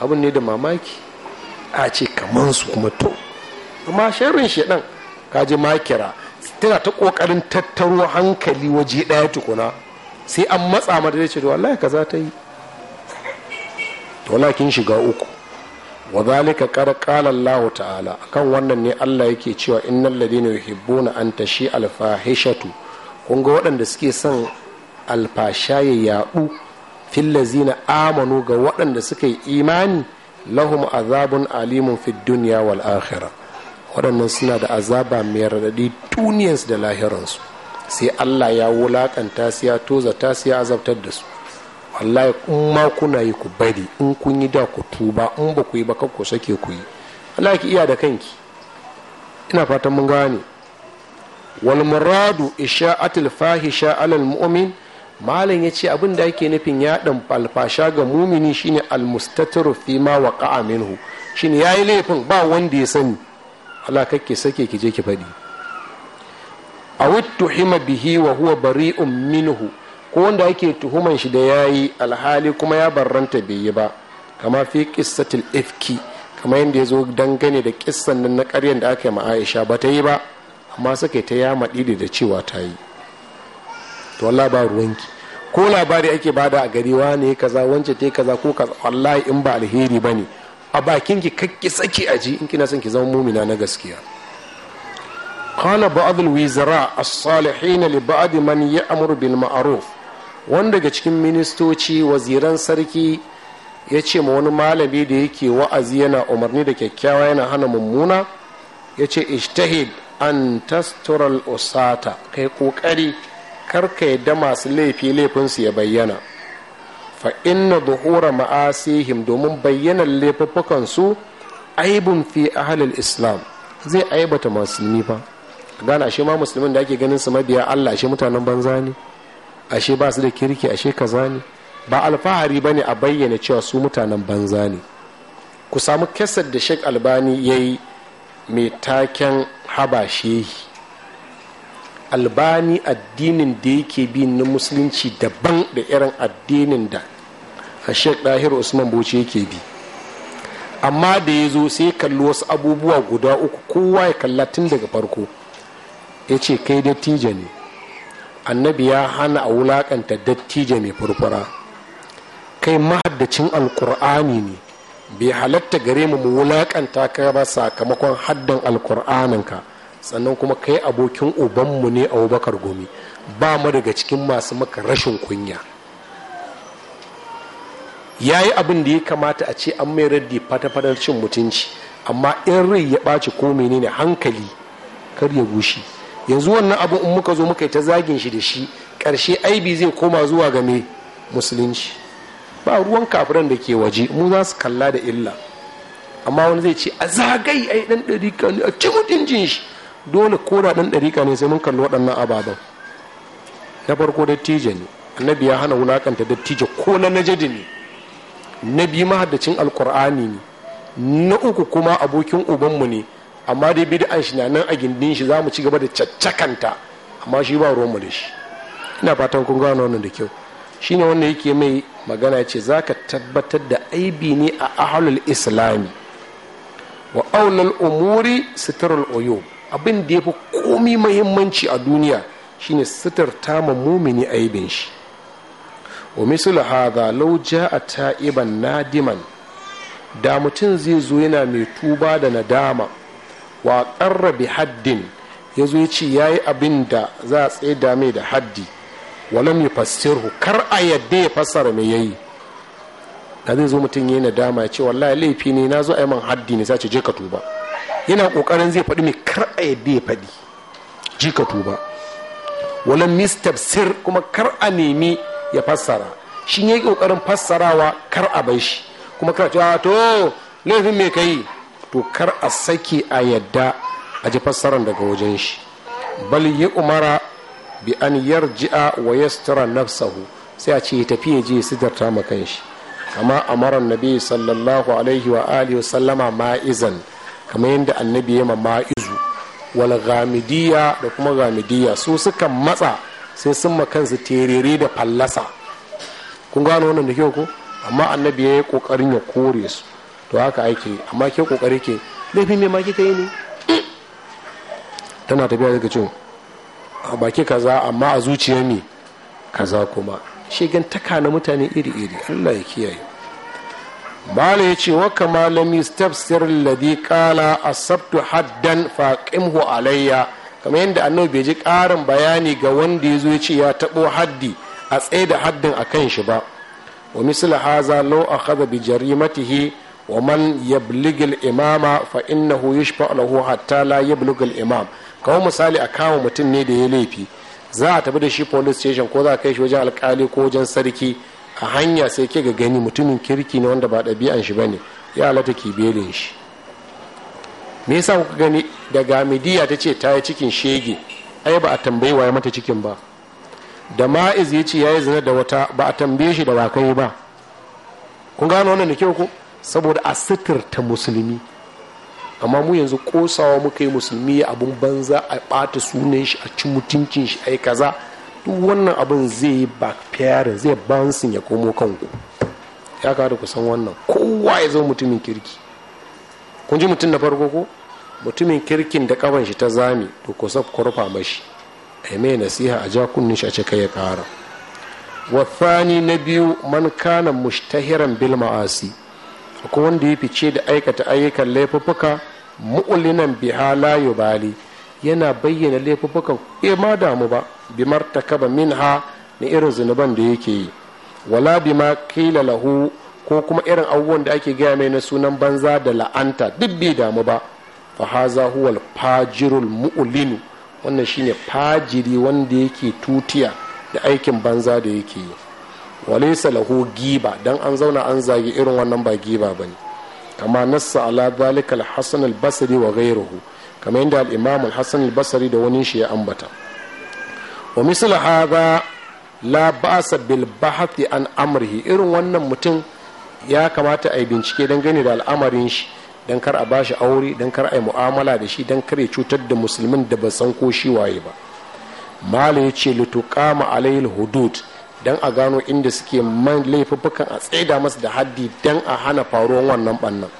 abin ne da mamaki a ce kamar su kuma to amma shirin shedan ka ji makira tana ta kokarin tattaro hankali waje ɗaya tukuna sai an matsa mata da ce da wallahi za ta yi to shiga uku wa zalika kar qala Allah ta'ala akan wannan ne Allah yake cewa innal ladina yuhibbuna an tashi al fahishatu kun ga waɗanda suke son alfasha ya yaɗu fil lazina amanu ga waɗanda suka yi imani lahum azabun alimun fid dunya wal akhirah waɗannan suna da azaba mai raɗaɗi duniyarsu da lahiransu sai allah ya wulaƙanta su ya ta su ya azabtar da su wallahi in ma kuna yi ku bari in kun yi da ku tuba in ba ku yi ba ku sake ku yi wallahi ki iya da kanki ina fatan mun gane wal muradu isha'atul fahisha alal mu'min malam ya ce abin da ake nufin dan alfasha ga mumini shine al mustatiru fi ma waqa'a minhu shine yayi laifin ba wanda ya sani Allah kake sake ki je ki faɗi a tuhima bihi wa huwa bari'un minhu ko wanda yake tuhuman shi da yayi alhali kuma ya barranta bai yi ba kama fi qissatil ifki kama yadda ya zo dangane da kissan nan na karyar da aka yi ma Aisha ba ta yi ba amma suka ta ya maɗi da cewa ta yi to Allah ba ruwanki ko labari ake bada a gari wane kaza wance te kaza ko kaza wallahi in ba alheri bane a bakin ki kakki saki a ji in kina son ki zama mumina na gaskiya qala ba'd al-wizara as-salihin li ba'd man ya'muru bil ma'ruf wanda daga cikin ministoci waziran sarki ya ce ma wani malami da yake wa'azi yana umarni da kyakkyawa yana hana mummuna ya ce ishtahid an tastural usata kai kokari karka yadda masu laifi laifinsu ya bayyana fa inna zuhura ma'asihim domin bayyanar laifuffukansu aibun fi ahalil islam zai aibata musulmi fa gana ashe ma musulmin da ake ganin su mabiya Allah ashe mutanen banza ne ashe ba su da kirki ashe kaza ne ba alfahari bane a bayyana cewa su mutanen banza ne ku samu kasar da Sheikh Albani yayi mai taken haba shehi albani addinin da yake bi na musulunci daban da irin addinin da a sheik ɗahir usman bauchi yake bi amma da ya zo sai kalli wasu abubuwa guda uku kowa ya kalla tun daga farko ya ce kai dattija ne annabi ya hana a wulakanta dattija mai furfura kai mahaddacin alkur'ani ne bai halatta gare mu mu wulakanta ka ba sakamakon haddan alkur'aninka sannan kuma kai abokin ubanmu ne a abubakar gumi ba mu daga cikin masu maka rashin kunya ya yi abin da ya kamata a ce an mai raddi fata-fatar cin mutunci amma in rai ya ɓaci ko menene hankali kar ya gushi yanzu wannan abin in muka zo muka yi ta zagin shi da shi ƙarshe aibi zai koma zuwa ga me musulunci ba ruwan kafiran da ke waje mu za su kalla da illa amma wani zai ce a zagai yi ɗan ɗarika ne a ci mutuncin shi dole ko da ɗan ɗarika ne sai mun kalli waɗannan ababen na farko dattijo ne annabi ya hana wulakanta dattijo ko na najadi ne na biyu mahaddacin alkur'ani ne na uku kuma abokin ubanmu ne amma dai bid'an shi na nan a gindin shi za mu ci gaba da caccakanta amma shi ba ruwanmu da shi ina fatan kun gano wannan da kyau shine wannan yake mai magana ce za ka tabbatar da aibi ne a ahalul islami wa aulal umuri sitarul oyo abin da ya fi komi mahimmanci a duniya shine sitar ta mumini aibin shi wa misal hadha law ja'a ta'iban nadiman da mutum zai zo yana mai tuba da nadama wa qarra bi haddin ya zo ya ce yayi abin da za a tsaye mai da haddi walam fasirhu kar a yadda ya fassara me yayi da zai zo mutum yi nadama ya ce wallahi laifi ne na zo a yi man haddi ne sace je ka tuba yana ƙoƙarin zai faɗi mai kar a yadda ya faɗi je ka tuba walam mistabsir kuma kar a nemi ya fassara shi ya yi kokarin fassarawa kar a bai shi kuma kar ta ah, to laifin me kai to kar a sake a yadda a ji fassaran daga wajen shi bal yi umara bi an yarji'a wa yastara nafsahu sai a ce tafi ya je sidarta ma kanshi kama amaran nabi sallallahu alaihi wa alihi sallama ma'izan kamar yadda annabi ya ma ma'izu wal ghamidiyya da kuma ghamidiyya su suka matsa sai sun ma kansu terere da fallasa kun gano wannan da kyau ko amma annabi ya yi kokarin ya kore su to haka ake amma ke kokari ke laifin me ma kika yi ne tana tafiya daga cin a baki kaza amma a zuciya ne kaza kuma shigan taka na mutane iri-iri allah ya kiyaye mala ya ce wa kama lam ladi alladhi a asabtu haddan faqimhu alayya kamar yadda annabi bai ji karin bayani ga wanda ya zo ya ce ya taɓo haddi a tsaye da haddin a kan shi ba wa misla haza a akhadha bi jarimatihi wa man yabligil imama fa innahu yushfa lahu hatta la yablighal imam kawai misali a kawo mutum ne da ya laifi za a tafi da shi police station ko za a kai shi wajen alkali ko wajen sarki a hanya sai ke ga gani mutumin kirki ne wanda ba ɗabi'an shi bane ya halatta ki belin shi me yasa kuka gani daga midiya ta ce ta yi cikin shege ai ba a tambayi waye mata cikin ba da ma'iz ya ce ya yi zina da wata ba a tambaye shi da wakai ba kun gano wannan da kyau ko saboda a ta musulmi amma mu yanzu kosawa muka yi musulmi abun banza a ɓata sunan shi a ci mutuncin shi a yi kaza duk wannan abin zai yi backfiring zai bansin ya komo kanku ya kada ku san wannan kowa ya zama mutumin kirki kun ji mutum na farko ko mutumin kirkin da kaban shi ta zami to ko sab kurfa mashi ai mai nasiha a ja kunnin shi a ce kai ya kara wasani na biyu man kana mushtahiran bil ma'asi ko wanda ya fice da aikata ayyukan laifuffuka mu'ulinan biha hala yubali yana bayyana laifuffukan e ma damu ba bi martaka ba minha na irin zunuban da yake yi wala ma kila lahu ko kuma irin abubuwan da ake gaya mai na sunan banza da la'anta duk bai damu ba fa haza huwal fajirul mu'linu wannan shine fajiri wanda yake tutiya da aikin banza da yake yi walaysa lahu giba dan an zauna an zagi irin wannan ba giba bane kama nassa ala zalikal hasan al-basri wa ghayruhu kama inda al-imam al-hasan al-basri da wani shi ya ambata wa misal hadha la ba'sa bil bahthi an amrihi irin wannan mutum ya kamata a yi bincike don gani da al'amarin shi don kar a bashi aure don kar a yi mu'amala da shi don kar ya cutar da musulmin da ba san ko shi waye ba mala ya ce litukama alayil hudud don a gano inda suke man laifuffukan a tsaida masu da haddi don a hana faruwan wannan bannan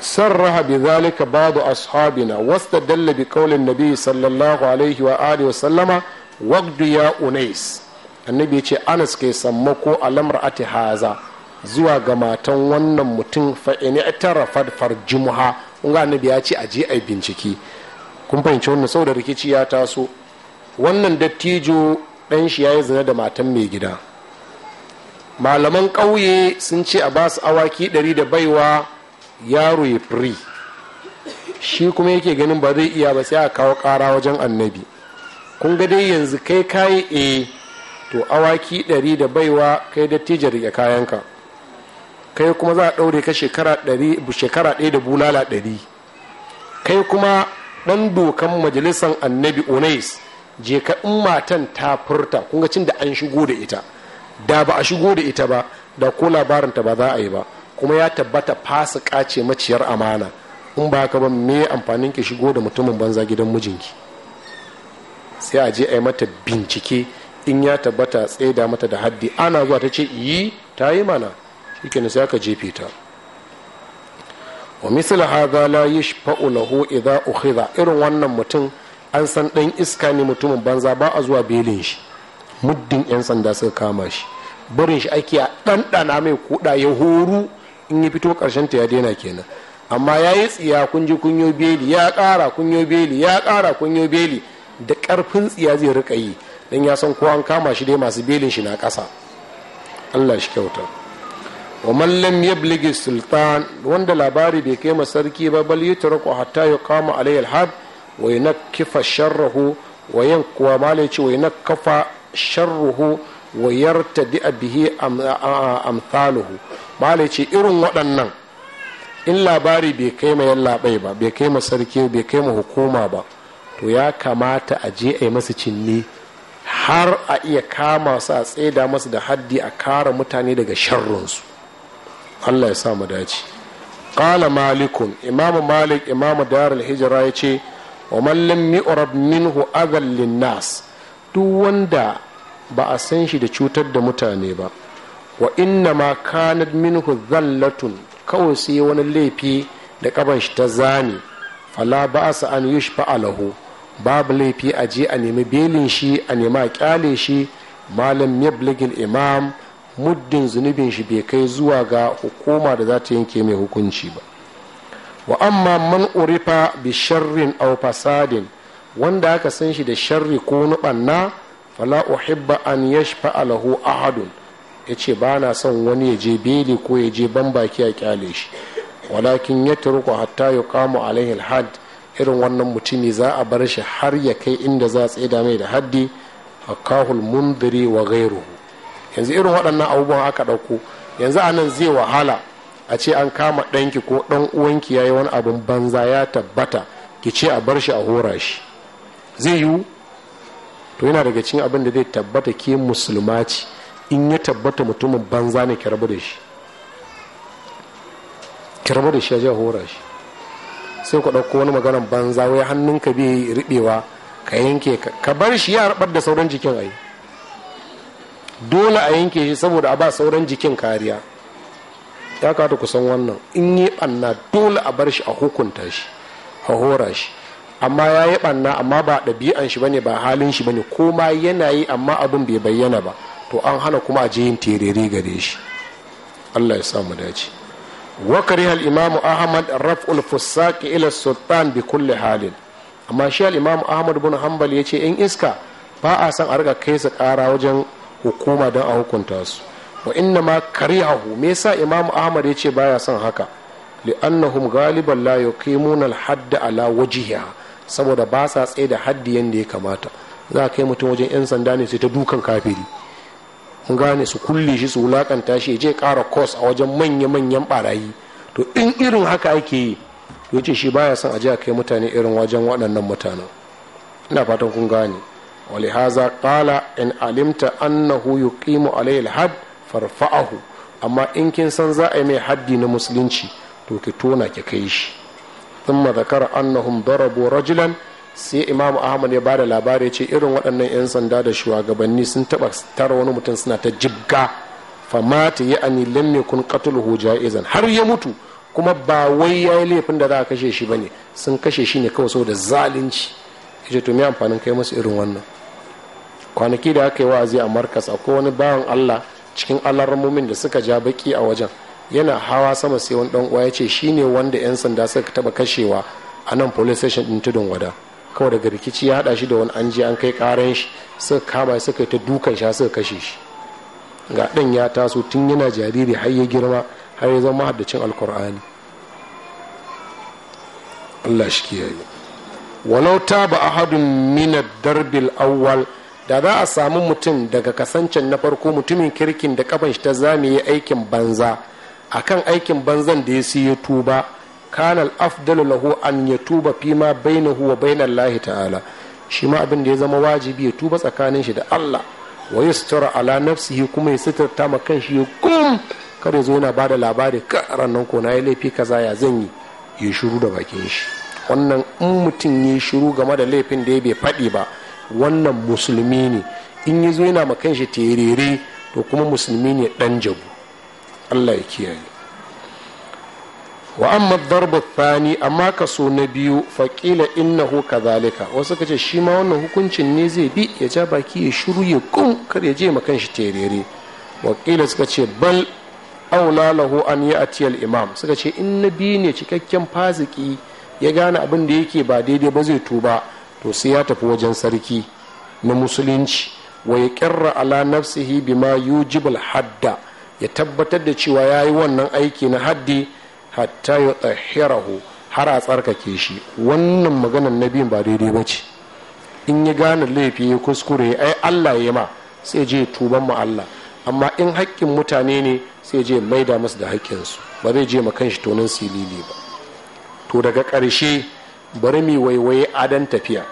sarraha bi zalika ba'du ashabina wastadalla bi qaulin nabi sallallahu alaihi wa alihi wa sallama waqdu ya unais annabi ya ce anas kai sammako ati haza zuwa ga matan wannan mutum fa'ini tarafat farjumuha kun ga annabi ya ce a je yi bincike kun fahimci wannan Sau da rikici ya taso wannan dattijo ɗan shi ya yi zina da matan mai gida malaman ƙauye sun ce a basu awaki ɗari da baiwa yaro ya firi shi kuma yake ganin ba zai iya ba sai a kawo ƙara wajen annabi kun ga dai yanzu kai kayi e eh, to awaki ɗari da baiwa kai dattijar ya kayanka kai kuma za a ɗaure ka shekara ɗaya da bulala ɗari kai kuma ɗan dokan majalisar annabi onais je ka in matan ta furta kunga cin da an shigo da ita da ba a shigo da ita ba da ko labarinta ba za a yi ba kuma ya tabbata fasa kace maciyar amana in ba ka ba me amfanin ki shigo da mutumin banza gidan mijinki sai a je a yi mata bincike in ya tabbata tsaida mata da haddi ana zuwa ta ce yi ta yi mana ne sai aka jefe ta wa misal hadha la yashfa'u lahu idha ukhidha irin wannan mutum an san dan iska ne mutumin banza ba a zuwa belin shi muddin yan sanda suka kama shi barin shi ake a ɗanɗana mai kuɗa ya horu in ya fito ƙarshen ta ya daina kenan amma ya yi tsiya kun ji kunyo beli ya ƙara kunyo beli ya ƙara kunyo beli da karfin tsiya zai rika yi dan ya san ko an kama shi dai masu belin shi na ƙasa allah shi kyauta wa mallam sultan wanda labari bai kai sarki ba bal yutraku hatta yuqama alayhi alhad wa yunkifa sharruhu wa yankuwa kuwa wa yunkafa sharruhu wa yartadi bihi amthaluhu malaci irin waɗannan in labari bai kai ma yallaɓai ba bai kai ma sarki bai kai ma hukuma ba to ya kamata a je a yi masa cinni har a iya kama su a tseda masu da haddi a kara mutane daga sharrunsu allah ya sa mu dace qala malikun imamu malik imamu darul hijira ya ce wa mallam yu'rab minhu adhan linnas duk wanda ba a san shi da cutar da mutane ba wa inna ma kanat minhu zallatun kawai sai wani laifi da kaban shi ta zane fala ba'asa an yushfa lahu babu laifi a je a nemi belin shi a nemi a kyale shi malam yablagil imam muddin zunubin shi bai kai zuwa ga hukuma da za ta yanke mai hukunci ba wa amma man urifa bi sharrin aw fasadin wanda aka san shi da sharri ko nubanna fala uhibba an yashfa alahu ahadun yace ba na son wani ya je beli ko ya je banbaki a kyale shi walakin ya turku hatta ya kama alaihi alhad irin wannan mutumi za a bar shi har ya kai inda za a tsaida mai da haddi hakahul mundiri wa gairuhu yanzu irin waɗannan abubuwan aka ɗauko yanzu a nan zai wahala a ce an kama ɗanki ko ɗan uwanki ya yi wani abin banza ya tabbata ki ce a bar shi a hora shi zai yiwu to yana daga cikin abin da zai tabbata ke musulma ce in ya tabbata mutumin banza ne ki rabu da shi ki rabu da shi ya hora shi sai ku ɗauko wani maganar banza wai hannunka bai riɓewa ka yanke ka bar shi ya rabar da sauran jikin ayi dole a yanke shi saboda a ba sauran jikin kariya ya kata kusan wannan in yi ɓanna dole a bar shi a hukunta shi a hora shi amma ya yi ɓanna amma ba ɗabi'an shi bane ba halin shi bane ko ma yana yi amma abin bai bayyana ba to an hana kuma a ji yin terere gare shi allah ya sa mu dace wa kariha al-imam ahmad raf'ul fusaq ila sultan bi kulli halin amma shi al-imam ahmad bin hanbal yace in iska ba a san a riga kai su kara wajen hukuma don a hukunta su wa inna ma karihahu me yasa imamu ahmad ya ce baya son haka li'annahum galiban la kai al hadda ala wajhiha saboda ba sa tsaye da haddi yanda ya kamata za a kai mutum wajen yan sanda ne sai ta dukan kafiri mun gane su kulle shi su wulakanta shi ya je kara kos a wajen manya manyan barayi to in irin haka ake yi to yace shi baya son a je a kai mutane irin wajen waɗannan mutanen ina fatan kun gane ولهذا قال إن علمت أنه يقيم عليه الحد فارفعه أما إن yi mai haddi na musulunci to ki tona ki kai shi thumma zakara annahum darabu sai imamu ahmad ya bada labari ce irin waɗannan 'yan sanda da shugabanni sun taɓa tara wani mutum suna ta jibga famata yi ani lam yakun qatluhu ja'izan har ya mutu kuma ba wai yi laifin da za a kashe shi ba ne sun kashe shi ne kawai saboda zalunci ce to me amfanin kai masu irin wannan kwanaki da aka yi wa'azi a markas akwai wani bawan allah cikin alarmomin da suka ja baki a wajen yana hawa sama sai wani dan uwa ya ce shi ne wanda yan sanda suka taba kashewa a nan police station din tudun wada kawai daga rikici ya haɗa shi da wani an je an kai karen shi suka kama suka yi ta dukan shi suka kashe shi ga dan ya taso tun yana jariri har ya girma har ya zama haddacin alkur'ani Allah shi kiyaye walau ba ahadun minad darbil awwal da za a samu mutum daga kasancen na farko mutumin kirkin da kaban shi ta yi aikin banza akan aikin banzan da ya siya tuba kanal afdalu lahu an ya tuba fi ma baina huwa baina lahi ta'ala shi ma abin da ya zama wajibi ya tuba tsakanin shi da Allah wa yastara ala nafsihi kuma ya sitarta ma kanshi ya kum ya zo yana ba da labari ka ranan ko na yi laifi kaza ya zan yi ya shiru da bakin shi wannan in mutum ya shiru game da laifin da ya bai faɗi ba wannan musulmi ne in yi zo yana ma shi terere to kuma musulmi ne dan jabu allah ya kiyaye wa amma darba fani amma kaso na biyu faƙila innahu kazalika wasu ka ce shi ma wannan hukuncin ne zai bi ya ja baki ya shiru ya kun kar ya je ma shi terere wakila suka ce bal aula lahu an yi atiyal imam suka ce in na biyu ne cikakken faziki ya gane abin da yake ba daidai ba zai tuba to sai ya tafi wajen sarki na musulunci wa ya kirra ala nafsihi bima yujibul hadda ya tabbatar da cewa ya yi wannan aiki na haddi hatta ya tsahirahu har a tsarkake shi wannan maganar na biyun ba daidai ba ce in ya gane laifi ya kuskure ai allah ya ma sai je tuban mu allah amma in haƙƙin mutane ne sai je maida masu da haƙƙinsu ba zai je ma kan shi tonin silili ba to daga ƙarshe bari mi waiwaye adan tafiya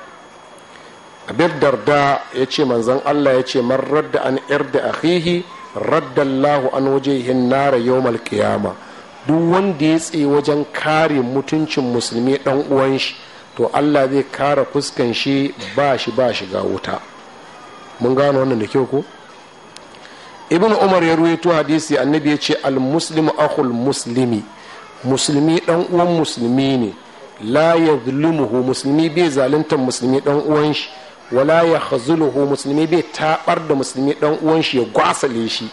abin darda ya ce manzan allah ya ce man radda an irda akhihi raddallahu an waje nara yawmal kiyama duk wanda ya tsaye wajen kare mutuncin musulmi dan uwan shi to allah zai kara fuskan shi ba shi ba shiga wuta mun gano wannan da kyau ko ibn umar ya ruwaito hadisi annabi ya ce al muslimu akhul muslimi musulmi dan uwan musulmi ne la yadhlimuhu musulmi bai zaluntar musulmi dan uwan shi wala ya khazuluhu musulmi bai tabar da musulmi dan uwan shi ya gwasale shi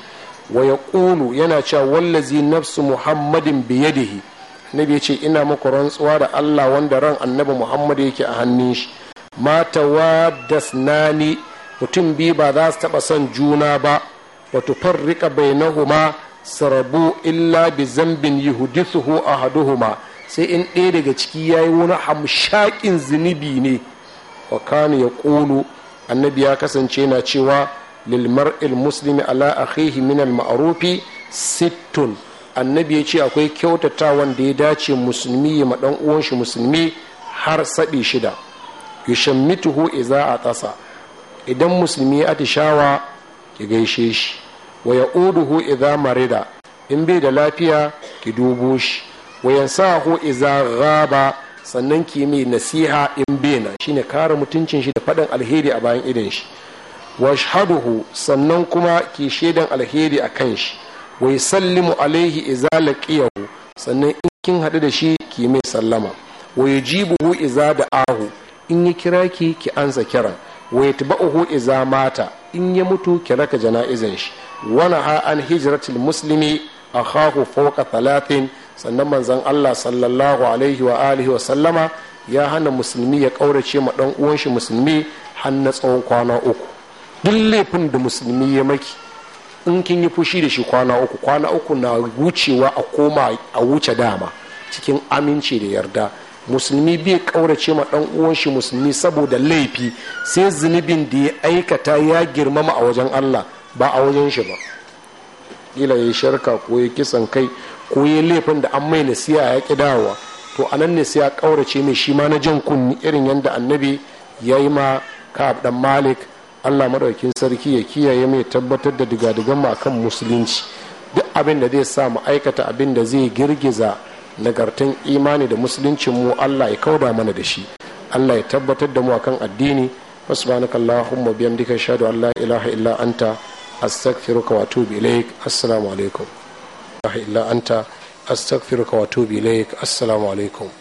wa ya ƙulu yana cewa wallazi nafsu muhammadin biyadihi nabi ce ina muku rantsuwa da allah wanda ran annabi muhammad yake a hannun shi mata wa dasnani mutum biyu ba za su taɓa son juna ba wato farrika bainahuma sarabu illa bi zambin yuhdithuhu ahaduhuma sai in ɗaya daga ciki ya yi wani hamshakin zunubi ne wa kana ya ƙulu annabi ya kasance na cewa lilmar muslimi ala akhihi min ma'arufi sittun annabi ya ce akwai kyautata wanda ya dace musulmi ya maɗan uwan shi musulmi har saɗi shida yushammituhu iza a ƙasa idan musulmi ya atishawa ki gaishe shi wa ya uduhu marida in bai da lafiya ki dubo shi wayansahu ko idza ghaba sannan ki mai nasiha in bena shine kare mutuncin shi da faɗin alheri a bayan idan shi washhaduhu sannan kuma ki shaidan alheri a kan shi wai sallimu alaihi iza laqiyahu sannan in kin haɗu da shi ki mai sallama wai jibuhu da ahu. in ya kira ki ki ansa kiran wai tabahu iza mata in ya mutu ki raka jana'izan shi wana ha an hijratil muslimi akhahu fawqa 30 sannan manzon Allah sallallahu alaihi wa alihi wa sallama ya hana musulmi ya kaurace ma dan uwan shi musulmi har na tsawon kwana uku duk laifin da musulmi ya maki in kin yi fushi da shi kwana uku kwana uku na wucewa a koma a wuce dama cikin aminci da yarda musulmi bai kaurace ma dan uwan shi musulmi saboda laifi sai zunubin da ya aikata ya girmama a wajen Allah ba a wajen shi ba kila ya shirka ko ya kisan kai ko laifin da an mai nasiya ya ƙi dawowa to a nan ne sai ya ƙaurace mai shi ma na jan kunni irin yadda annabi ya yi ma ka'ab dan malik allah maɗaukin sarki ya kiyaye mai tabbatar da diga digadigan mu kan musulunci duk abin da zai sa mu aikata abin da zai girgiza nagartan imani da musuluncin mu allah ya kauda mana da shi allah ya tabbatar da mu akan addini subhanaka allahumma biyamdika shahadu an la ilaha illa anta astaghfiruka wa atubu ilaik assalamu alaikum ilaha illa anta astaghfiruka wa atubu ilaik assalamu alaikum